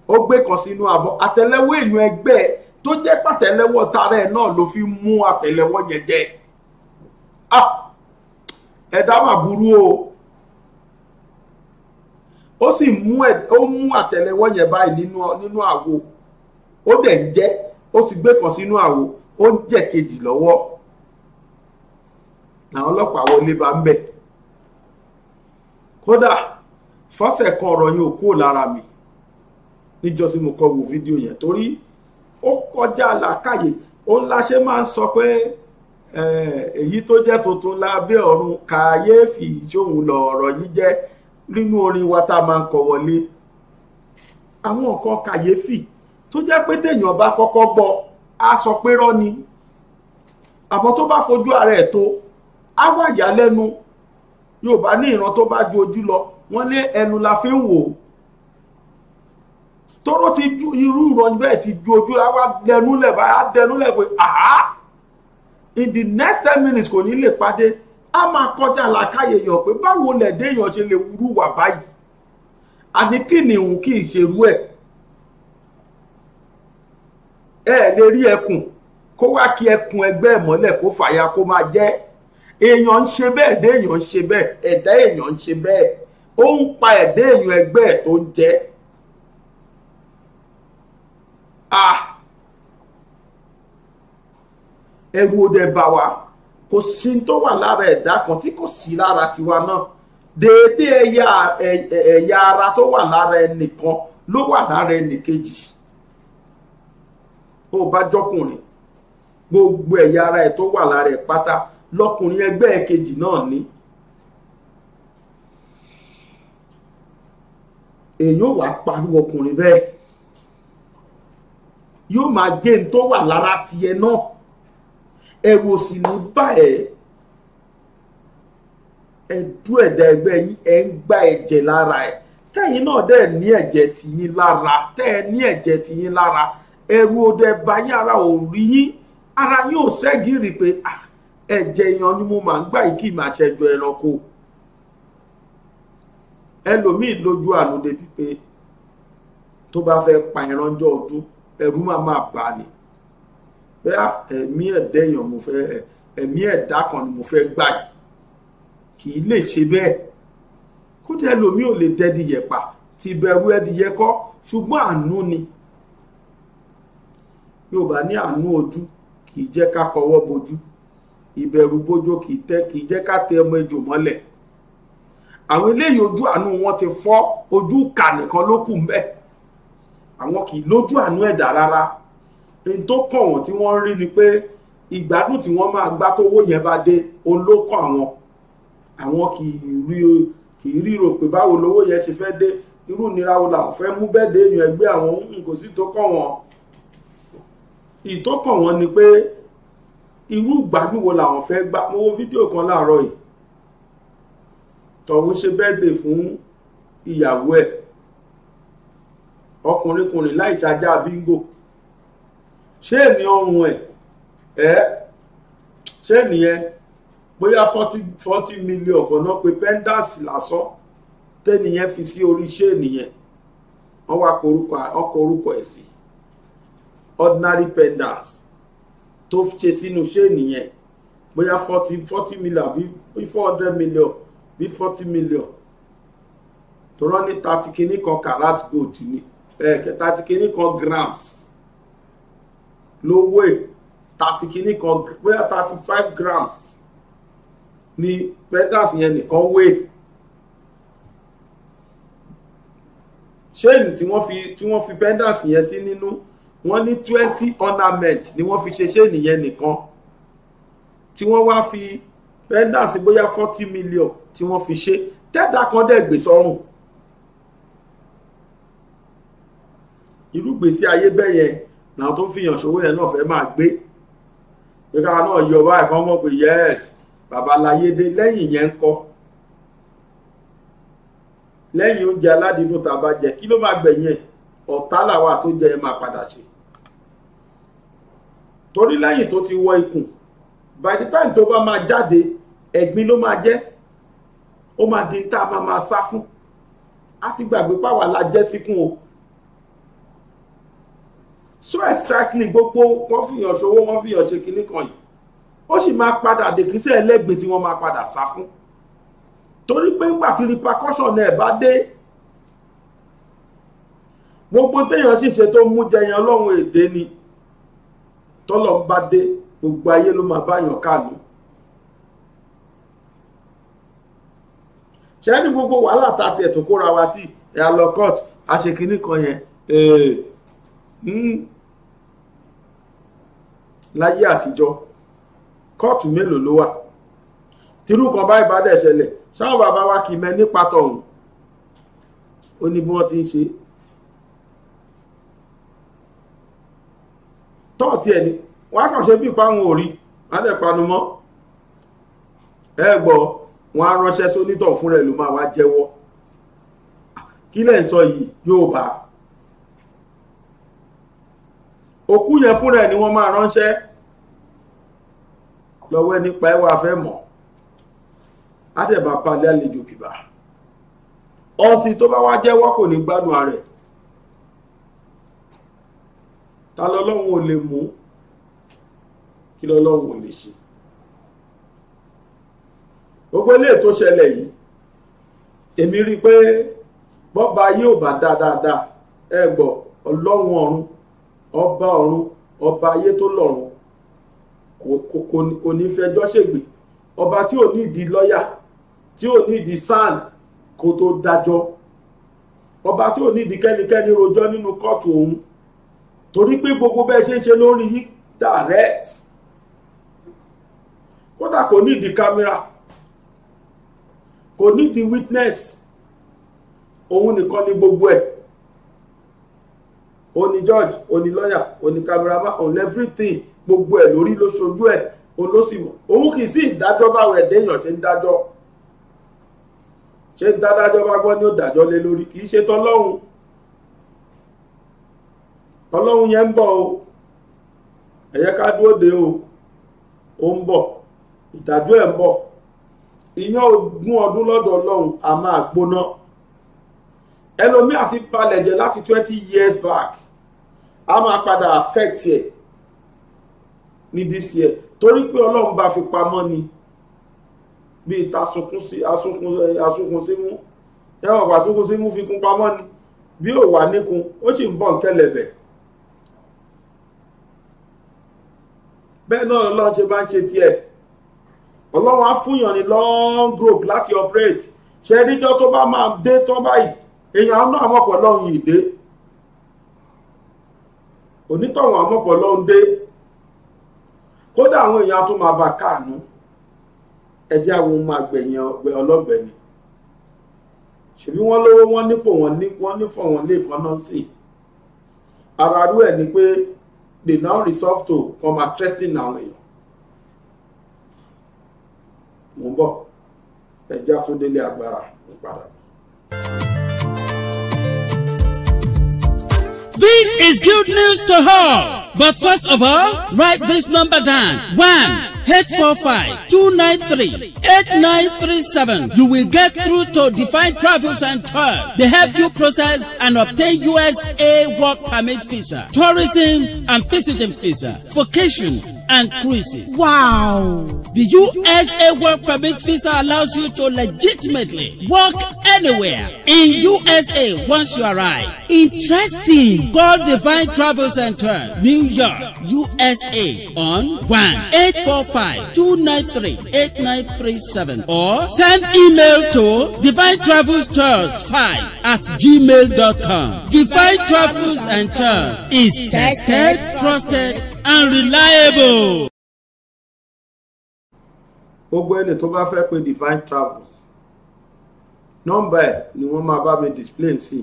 ó gbé kan sínú abọ́ àtẹ́lẹwọ́ èèyàn ẹgbẹ́ ẹ̀ tó jẹ́ pàtẹ́lẹwọ́ tara ẹ̀ náà ló fi mú àtẹ́lẹwọ́ yẹn jẹ ẹ̀dá mà burú o ó sì mú àtẹ́lẹwọ́ yẹn báyìí nínú nínú àwo ó dẹ̀ ń jẹ ó ti gbé kan sínú àwo ó ń jẹ kejì lọ́wọ́ làwọn ọlọ́pàá wọlé bá ń bẹ̀ kódà fọ́sẹ̀ kan ọ̀rọ̀ yẹn ò kúrò lára mi níjọ́ tí mo kọ wo fídíò yẹn torí ó kọjá làákàyè ó ńlá ṣe máa ń sọ pé èyí tó jẹ́ tuntun lábẹ́ ọ̀run kàyéfì ṣóhun lọ ọ̀rọ̀ yìí jẹ́ nínú orin wa tá a máa ń kọ wọlé àwọn nǹkan kàyéfì tó jẹ́ pé téèyàn bá kọ́kọ́ gbọ́ a sọ pé rọ́ ni àbọ̀ tó bá fojú ara ẹ̀ tó á wà yá lẹ́nu yorùbá ní ìran tó bá ju ojú lọ wọ́n lé ẹnu la fi ń wò ó tọ́rọ́ ti ju irú ìrọ̀yìn bẹ́ẹ̀ ti ju ojú la wá dẹnúlẹ̀ báyà dẹnúlẹ̀ pé àá in the next ten minutes kò ní lè pàdé á máa kọjá làákàyè yàn pé báwo lẹ̀dẹ́ èèyàn ṣe lè wúrú wà báyìí àní kí ni ìhùn kì í ṣerú ẹ̀ ẹ̀ lè rí ẹkùn kó wá kí ẹkùn ẹgbẹ́ ìmọ́lẹ̀ kó fàya kó máa jẹ́ èèyàn ń ṣe bẹ́ẹ̀ ẹ̀dá èèyàn ń ṣe bẹ́ẹ̀ ẹ̀dá èèyàn ń ṣe bẹ́ẹ̀ ó ń pa ẹ̀dá èèyàn ẹgbẹ́ ẹ̀ tó ń jẹ́ ah! ẹ̀rù ò dẹ̀ bà kò sí tó wà lára ẹ̀dá kan tí kò sí lára tiwa náà déédéé ẹ̀yà ara tó wà lára ẹnìkan ló wà lára ẹnìkejì ó bá jọkùnrin gbogbo ẹ̀yà ara ẹ̀ tó wà lára ẹ̀ pátá lọkùnrin ẹgbẹ́ kejì náà ní. èèyàn wàá parú ọkùnrin bẹ́ẹ̀ yóò máa gé ní tó wà lára tiẹ̀ náà ẹ̀wò sì ní bá ẹ̀ ẹ̀dú ẹ̀dá ẹgbẹ́ yín ẹ̀ ń gba ẹ̀jẹ̀ lára ẹ̀ tẹ́yìn náà dẹ̀ ní ẹ̀jẹ̀ tìyín lára tẹ́ ẹ ní ẹ̀jẹ̀ tìyín lára ẹ̀rù ọdẹ báyìí ara ò rí yín ara yín ò ṣẹ́gìrì pé ah, ẹ̀jẹ̀ èèyàn ni mo máa ń gbà yìí kí màá ṣẹjọ ẹranko ẹlòmíì lójú àánú débi pé tó bá fẹ́ pa ìrànjọ́ ọdún ẹ̀rú máa máa bà ní bẹ́ẹ̀ ah, ẹ̀mí ẹ̀dá èèyàn mo fẹ́ ẹ̀mí ẹ̀dá kan ni mo fẹ́ gbà yìí kì í lè ṣe bẹ́ẹ̀ kódà ẹlòmíì ò lè dẹ́dìyẹ pa ti bẹ̀rù ẹdìyẹ kọ́ ṣùgbọ́n àánú ni yóò bá ní àánú ojú kì í jẹ́ ká kọwọ́ bojú ìbẹ̀rù bójó kì í tẹ́ kì í jẹ́ ká tẹ ọmọ ejò mọ́lẹ̀ àwọn eléyìí ojú àánú wọn ti fọ́ ojú kà nìkan ló kù mbẹ́ àwọn kì í lójú àánú ẹ̀dá rárá ní tó kàn wọ́n tí wọ́n ń rí ni pé ìgbádùn tí wọ́n máa gbá tówó yẹn bá dé òun àwọn àwọn kì í rí kì í ríro pé báwo lówó yẹn ṣe fẹ́ dé irú ìnira wo làwọn fẹ́ mú bẹ́ẹ̀ dé èèyàn ẹgbẹ́ àwọn nǹkan sí tó kàn wọ́n ìtókàn wọn ni pé irú ìgbádùn wo làwọn fẹ́ gbà mo wo fídíò kan láàárọ̀ yìí tọ̀hún ṣe bẹ́ẹ̀dẹ̀ fún ìyàwó ẹ̀ ọkùnrin kùnrin láì ṣáájá bíngò ṣé èmi ọrùn ẹ̀ ẹ́ ṣé nìyẹn bóyá forty forty million kan náà pé pendants lásán tẹ́nìyẹn fi sí orí ṣé nìyẹn wọ́n wá kọ orúkọ ẹ̀ sí ordinary pendants tó ṣe sínú ṣéènì yẹn bóyá forty forty million bí four hundred million bí forty million tó rán ní thirty kìíní kan carat gold ni thirty kìíní kan grams lówó ẹ̀ thirty kìíní kan bóyá thirty five grams ni pedals yẹn nìkan wé. ṣéènì tí wọ́n fi tí wọ́n fi pendants yẹn sí nínú. No? wọ́n ní twenty ornament ni wọ́n fi ṣe ṣéènì yẹn nìkan tí wọ́n wá fi pendants bóyá forty million tí wọ́n fi ṣe tẹ́tà kan dẹ̀ gbé sọ́rùn irú gbèsè ayé bẹ́ẹ̀ yẹn làwọn tó ń fìyàn ṣòwò yẹn náà fẹ́ máa gbé pé káwa náà yọ ọba ẹ̀fọn mọ̀ pé yes babalayédè lẹ́yìn yẹn ń kọ́ lẹ́yìn oúnjẹ aládìídùn tá a bá jẹ kí ló máa gbẹ̀yìn ẹ̀ ọ̀tá làwa tó jẹ ẹ máa padà ṣe torí lẹ́yìn tó ti wọ ikùn by the time tó bá máa jáde ẹ̀gbin ló máa jẹ́ ó máa di tá a máa máa sá fún a ti gbàgbé páwa la síkún o so exactly gbogbo wọ́n fìyàn ṣòwò wọ́n fìyàn ṣe kinní kan yìí ó sì máa padà dèkísẹ́ ẹlẹ́gbẹ̀ẹ́ tí wọ́n máa padà sá fún torí pé ńgbà tí repercussion náà bá dé gbogbo téèyàn sì ṣe tó mú jẹyàn lọ́hùn èdè ni tọ́lọ̀ ń bá dé gbogbo ayé ló máa báyàn káàánú. ṣé ní gbogbo wàhálà tá a tiẹ̀ tó kóra wa sí ẹ̀yà lọ court àṣekínní kan yẹn hmm. láyé àtijọ́ kóòtù mélòó ló wà tírú kan báyìí bá dẹ̀ ṣẹlẹ̀ ṣáwọn bàbá wa kì í mẹ nípa tọ̀hún ó ní bí wọ́n ti ń ṣe é tọ́ọ̀tì ẹ̀ ni wọ́n á kàn ṣe bí ìpáhùn òrí lálẹ́ panumọ́ ẹ gbọ́ wọn á ránṣẹ́ sónítọ̀ fúnra ẹ̀ ló máa wá jẹ́wọ́ kí lẹ̀ ń sọ yìí yóò bá òkú yẹn fúnra ẹ̀ ni wọ́n máa ránṣẹ́ lọ́wọ́ ẹ nípa ẹ wá fẹ́ mọ̀ á dẹ̀ máa palẹ́ àlejò bìbà ọtí tó bá wá jẹ́wọ́ kò ní gbádùn ara ẹ̀ ta lọ́lọ́run ò lè mú kí lọ́lọ́run ò lè ṣe gbogbo ilé tó ṣẹlẹ̀ yìí èmi rí i pé bọ́ba yìí ò bá dá dáadáa ẹ gbọ́ ọlọ́run ọ̀run ọba ọ̀run ọba ayé tó lọ́run kò ní fẹjọ́ ṣègbè ọba tí ò ní ìdí lọ́yà tí ò ní ìdí sàn kó tó dájọ́ ọba tí ò ní ìdí kẹ́nikẹ́ni rojọ́ nínú kóòtù òun torí pé gbogbo bẹ́ẹ̀ ṣe ń ṣe lórí yìí direct kódà kò ní ìdí kámẹ́rà kò ní ìdí witness òun nìkan ni gbogbo ẹ̀ òun ni judge òun ni lawyer òun ni kámẹ́rámà òun everything gbogbo ẹ̀ lórí ló ṣojú ẹ̀ òun ló sì mọ̀ òun kì í sí ìdájọ́ báwọn ẹ̀dẹ́ èèyàn ṣe ń dájọ́ ṣe ń dájọ́ bá gbọ́ ní òdàjọ́ lé lórí kì í ṣe tọ́lọ́hún ọlọ́run yẹn ń bọ̀ o ẹ yẹ ká dúró de o ó ń bọ̀ ìdájọ́ ẹ̀ ń bọ̀ ìyàn ogún ọdún lọ́dọ̀ ọlọ́run a máa gbóná ẹlòmíà ti balẹ̀ jẹ́ láti twenty years back a máa padà affect ẹ̀ ní this year torí pé ọlọ́run bá fi pamọ́ ni bíi ta sunkún sí asunkún asunkún símú ẹ̀wọ̀n pàṣẹ sunkún símú fi kún pamọ́ ni bí ò wà níkun ó sì ń bọ̀ ń kẹ́lẹ̀ bẹ̀. bẹ́ẹ̀ náà lọ́n ṣe bá ń ṣe tiẹ̀ ọlọ́run á fúnyàn ní long group láti operate ṣe níjọ́ tó bá máa dé tán báyìí èèyàn náà àmọ́pọ̀ lọ́hùn yìí dé onítọ̀hún àmọ́pọ̀ lọ́hùn dé kódà àwọn èèyàn tún máa bá káànú ẹjẹ́ àwọn ohun àgbẹ̀yìn ọgbẹ́ ọlọ́gbẹ́ ni ṣèbí wọ́n lówó wọ́n nípò wọ́n nífọ̀ wọ́n lè kọ́ náà sí ara rú ẹ̀ ni pé they now resolve to come and threaten àwọn èèyàn mò ń bọ̀ ẹ̀já tó délé agbára ń padà. This is good news to all. But first of all, write this number down. One eight four five two nine three eight nine three seven. You will get through to Define Travels and Tours. They help you process and obtain USA work permit visa, tourism and visiting visa, vacation and cruises. Wow! The USA work permit visa allows you to legitimately work anywhere in USA once you arrive. Interesting! Call Divine Travel Center, New York, USA on 1-845-293-8937 or send email to Divine Travel Stores 5 at gmail.com. Divine Travels and Tours is tested, trusted, Unreliable. reliable. gbogbo ẹni tó bá fẹ́ pe divine travels nọ́mbà ẹ̀ ni wọ́n máa bá mi display sí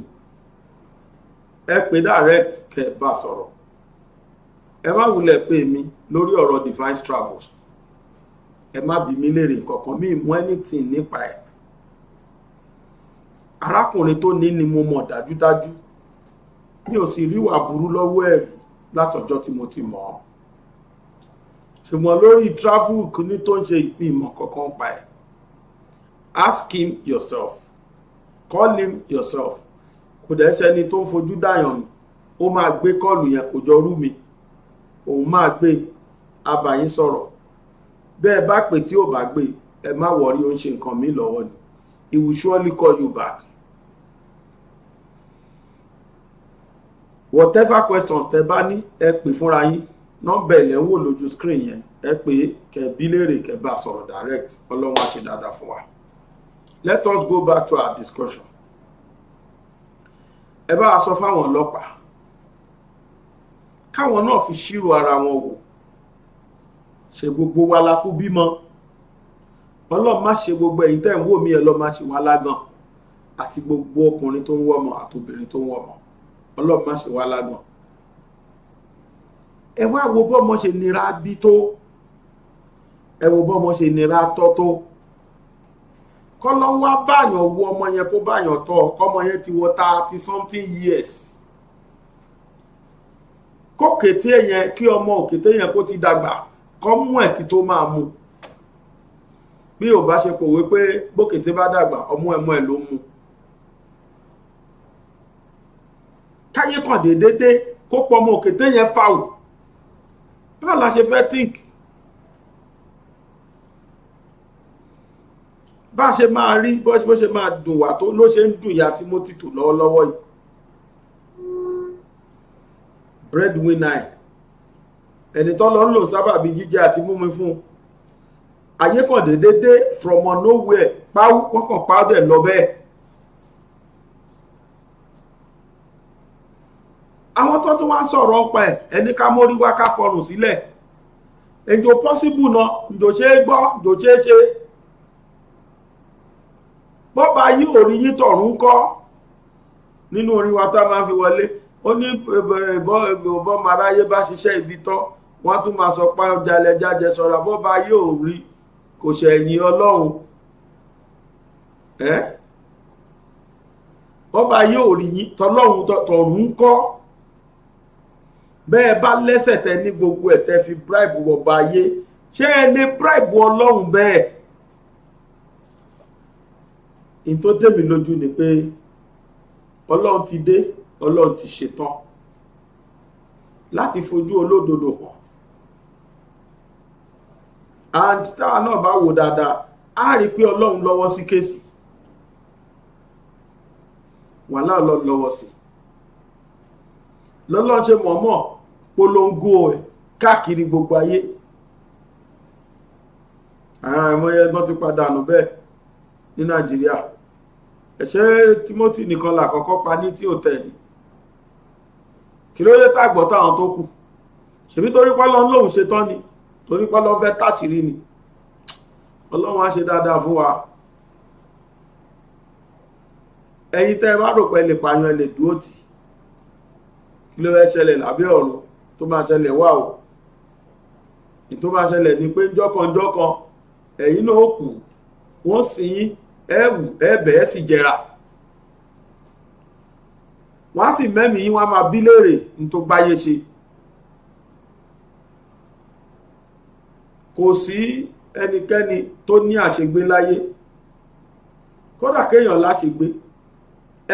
ẹ pè direct kẹ́ ẹ bá sọ̀rọ̀ ẹ má wulẹ̀ pè mí lórí ọ̀rọ̀ divine travels ẹ má bi mí léèrè kankan mi mú anything nípa ẹ̀ arákùnrin tó ní ni mo mọ̀ dájúdájú mi ò sì ríwà burú lọ́wọ́ ẹ̀rí látọjọ́ tí mo ti mọ̀ ọ́ ṣùgbọ́n lórí travel kìíní tó ń ṣe ìpín kankan pa ẹ̀ ask him yourself call him yourself kò dẹ̀ ṣẹni tó ń fojú dàyàn ni ó máa gbé kọ́ọ̀lù yẹn kò jọ rú mi òun máa gbé abàyín sọ̀rọ̀ bẹ́ẹ̀ bá pè tí ò bá gbé ẹ má wọrí ó ń ṣe nǹkan mi lọ́wọ́ ni he will surely call you back whatever questions tẹ bá ní ẹ pè fúnra yín nọ́mbà ilẹ̀ ń wò lójú screen yẹn ẹ pè é kẹbí léèrè kẹbà sọ̀rọ̀ direct ọlọ́run á ṣe dáadáa fún wa let us go back to our discussion ẹ bá a sọ fáwọn ọlọ́pàá káwọn náà fi ṣírò ara wọn wò ṣe gbogbo wa la kú bímọ ọlọ́run má ṣe gbogbo ẹ̀yin tẹ́ ń wò mí ẹ lọ́ọ́ má ṣe wá lágàn àti gbogbo ọkùnrin tó ń wọ́mọ àtobìnrin tó ń wọ́mọ ọlọ́run má ṣe wá lágàn ẹ wá wo bọ́mọ ṣe nira bí tó ẹ wo bọ́mọ ṣe nira tọ́ tó kọ́lọ́n wá báyàn wo ọmọ yẹn kó báyàn tọ́ kọ́mọ yẹn ti wọ thirty something years kó kété yẹn kí ọmọ òkété yẹn kó ti dàgbà kọ́ mú ẹ̀ tí tó máa mu bí ò bá ṣe pòwe pé bókété bá dàgbà ọmú ẹ̀ mọ́ ẹ̀ ló mu. káyé kàn déédéé kó pọ̀ ọmọ òkè téèyàn fa o báwo la ṣe fẹ́ think bá a ṣe máa rí bó ṣe máa dùn wá tó ló ṣe ń dùn ìyá Timothy tó lọ́wọ́lọ́wọ́ yìí breadwinner ẹni tó lọ ń lò sábàbí jíjẹ àti mímu fún ayé kan déédéé from nowhere pawú wọ́n kàn pawú dẹ̀ lọ bẹ́ẹ̀. àwọn tó tún wá ń sọ̀rọ̀ ọpa ẹ̀ ẹni ká mórí wá ká fọrùn sílẹ̀ èjò pọ́síbù náà ǹjọ́ ṣe é gbọ́ ǹjọ́ ṣe é ṣe bọ́ba yí òrí yí tọ̀run kọ́ nínú orin wa tá a máa fi wọlé ó ní ìbọn maráyé bá ṣiṣẹ́ ibi tán wọ́n tún máa sọ pa jalẹ̀ jájẹ sọ̀rọ̀ bọ́ba yí òrí kò ṣẹ̀yìn ọlọ́run bọ́ba yí òrí yí tọ́lọ́run bẹ́ẹ̀ bá lẹ́sẹ̀ tẹ ní gbogbo ẹ̀ tẹ fi bribe wọ̀ba ayé ṣé ẹ lè bribe ọlọ́run bẹ́ẹ̀ in tó dé mi lójú ni pé ọlọ́run ti dé ọlọ́run ti ṣetán láti fojú olódodo hàn and táwa náà bá wò dáadáa á rí i pé ọlọ́run lọ́wọ́ sí kéèsì wàhálà ọlọ́run lọ́wọ́ sí lọ́lọ́run ṣe mọ̀ọ́mọ̀ polongo ẹ̀ káàkiri gbogbo ayé àwọn àìmọye náà ti padà nù bẹ́ẹ̀ ní nàìjíríà ẹ̀ṣẹ́ timothy nìkan là kọ́kọ́ pa ní tí ò tẹ̀ ní kí ló dé tàgbọ́ táwọn tó kù ṣèbí torí pọ́ lọ́n lòun ṣe tán ni torí pọ́ lọ́n fẹ́ tàṣírí ni ọlọ́run á ṣe dáadáa fún wa ẹ̀yin tẹ́ ẹ bá rò pé ẹ lè pààyàn ẹ lè dúró tì kí ló fẹ́ ṣẹlẹ̀ lábẹ́ ọ̀run tó máa ṣẹlẹ̀ wà o ìtò máa ṣẹlẹ̀ ni pé jọ́kanjọ́kan ẹ̀yin náà kù wọ́n sì yín ẹ̀wù ẹ̀bẹ̀ ẹ̀ sì jẹrà wọ́n á sì mẹ́mìí wọ́n á máa bí léèrè ní tó báyé ṣe kò sí ẹnikẹ́ni tó ní àṣegbé láyé kódà kéèyàn láṣegbé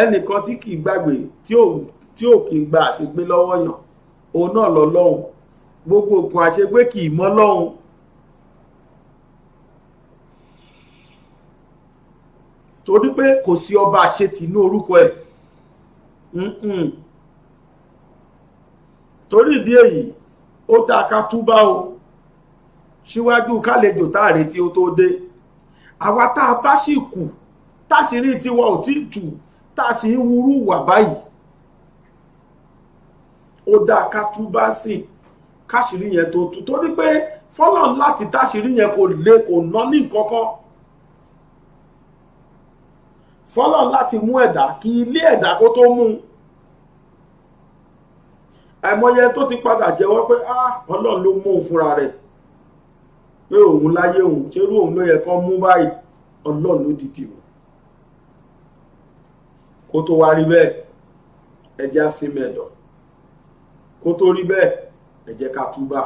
ẹnìkan tí kì í gbàgbé tí ò kì í gba àṣegbé lọ́wọ́ yàn òun náà lọ lọ́hùn gbogbo òkun àṣegbé kì í mọ́ lọ́hùn. torí pé kò sí ọba àṣetì ní orúkọ ẹ̀ torí ìdí èyí ó dáa ká túbá o síwájú kálejò tá a retí ó tó dé àwa tá a bá sì kù táṣìírí tiwa ò tí ì tù tá a sì ń wúrú wà báyìí ó dáa ká túbá sí i káṣírí yẹn tó tú torí pé fọlọ́n láti táṣírí yẹn kò lè kò ná ní kankan fọlọ́n láti mú ẹ̀dá kí ilé ẹ̀dá kó tó mú àìmọye tó ti padà jẹ́wọ́ pé ah ọlọ́run ló mú òun fúnra rẹ̀ pé òun láyé òun ṣerú òun ló yẹ kán mú báyìí ọlọ́run ló dìdì wọn kó tó wá rí bẹ́ẹ̀ ẹja sinmi ẹ̀dọ̀ kó tó rí bẹ́ẹ̀ ẹ jẹ́ ká túbà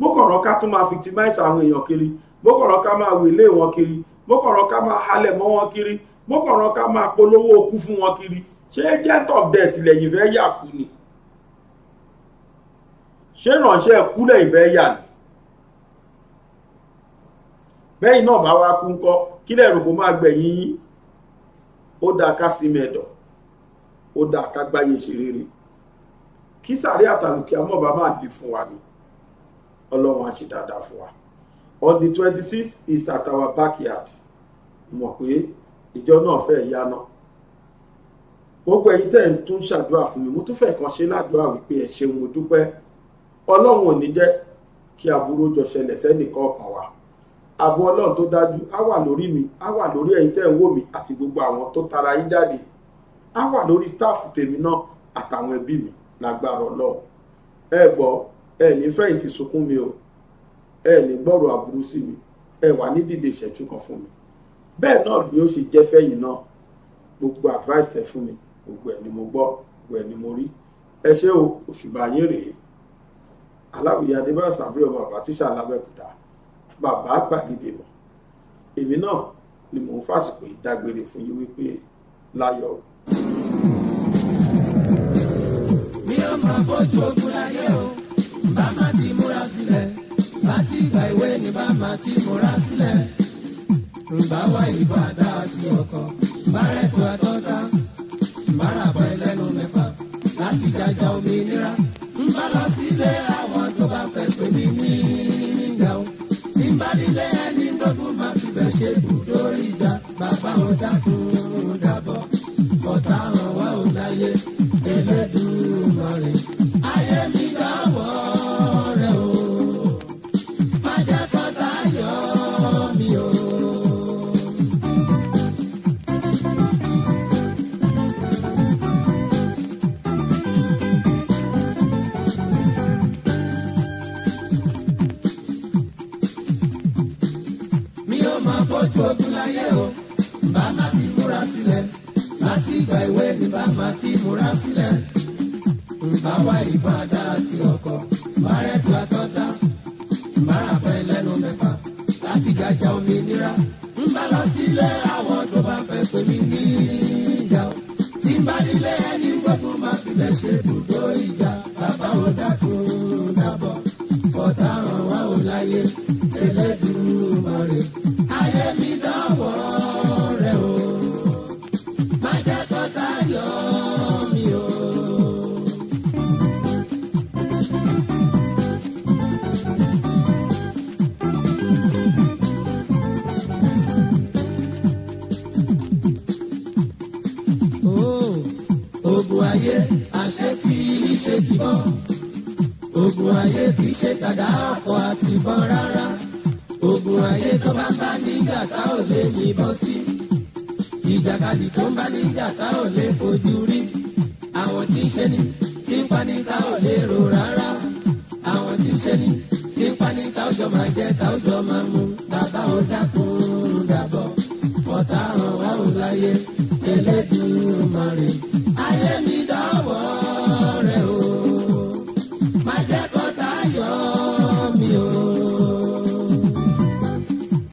mọ́kànrán ká tún máa victimize àwọn èèyàn kiri mọ́kànrán ká máa wèlé wọn kiri mọ́kànrán ká máa halẹ̀ mọ́ wọn kiri mọ́kànrán ká máa polówó okú fún wọn kiri ṣé jet of death lẹ́yìn fẹ́ yà kú ni ṣé ìrànṣẹ́ kú lẹ́yìn fẹ́ yà ni bẹ́yìn náà bá wá kú ńkọ́ kí lẹ́rù kó máa gbẹ̀yìn yín ó dáa ká sinmi ẹ̀dọ̀ ó dáa ká gbáyé ṣe rere kí sàárẹ̀ àtàlùkì àmọ́ba máa lè fún wa ni ọlọ́run á dáadáa fún wa on the twenty six is at our backyard mọ̀ pé ìjọ náà fẹ́ yáná gbogbo ẹ̀yin tẹ́ ń tún ṣàdúrà fún mi mo tún fẹ́ kàn ṣe ládùúrà wípé ẹ ṣeun mo dúpẹ́ ọlọ́run ò ní jẹ́ kí aburú jọ ṣẹlẹ̀ sẹ́nìkan ọkàn wa ààbò ọlọ́run tó dájú á wà lórí mi á wà lórí ẹ̀yin tẹ́ ń wò mí àti gbogbo àwọn tó tara yín jáde á wà lórí stáàfù tèmi náà àtàwọn ẹbí mi lágbára ọlọ́run ẹ gbọ́ ẹ ní fẹ̀yìntì sunkún mi o ẹ ní gbọ́rọ̀ aburú sí mi ẹ wà ní dìde ìṣẹ́jú kan fún mi bẹ́ẹ̀ náà ni ó ṣe jẹ́ fẹ́yìn náà gbogbo advice tẹ fún mi gbogbo ẹ̀ ni mo gbọ́ gbogbo ẹ̀ ni mo rí ẹ ṣé o òṣùbà yín rèé aláwìyá adébáyọ̀ sàbúrò ọmọ bàbá tíṣà lábẹ́òkúta bàbá gbàgede mọ̀ èmi náà ni mò ń fàsìkò ìdágbére fún yín wípé láyọ̀ o. máa bójú ogun o bá má ti múra ni bá má ti múra sílẹ̀ bá wá ìbọn àdá àti ọkọ̀ bá rẹ̀tù àtọ́ta bá ràbọ̀ ẹlẹ́nu mẹ́fà láti jàjà òmìnira ń bá lọ sílé àwọn tó bá fẹ́ pè mí ní ìdáhùn tí ń bá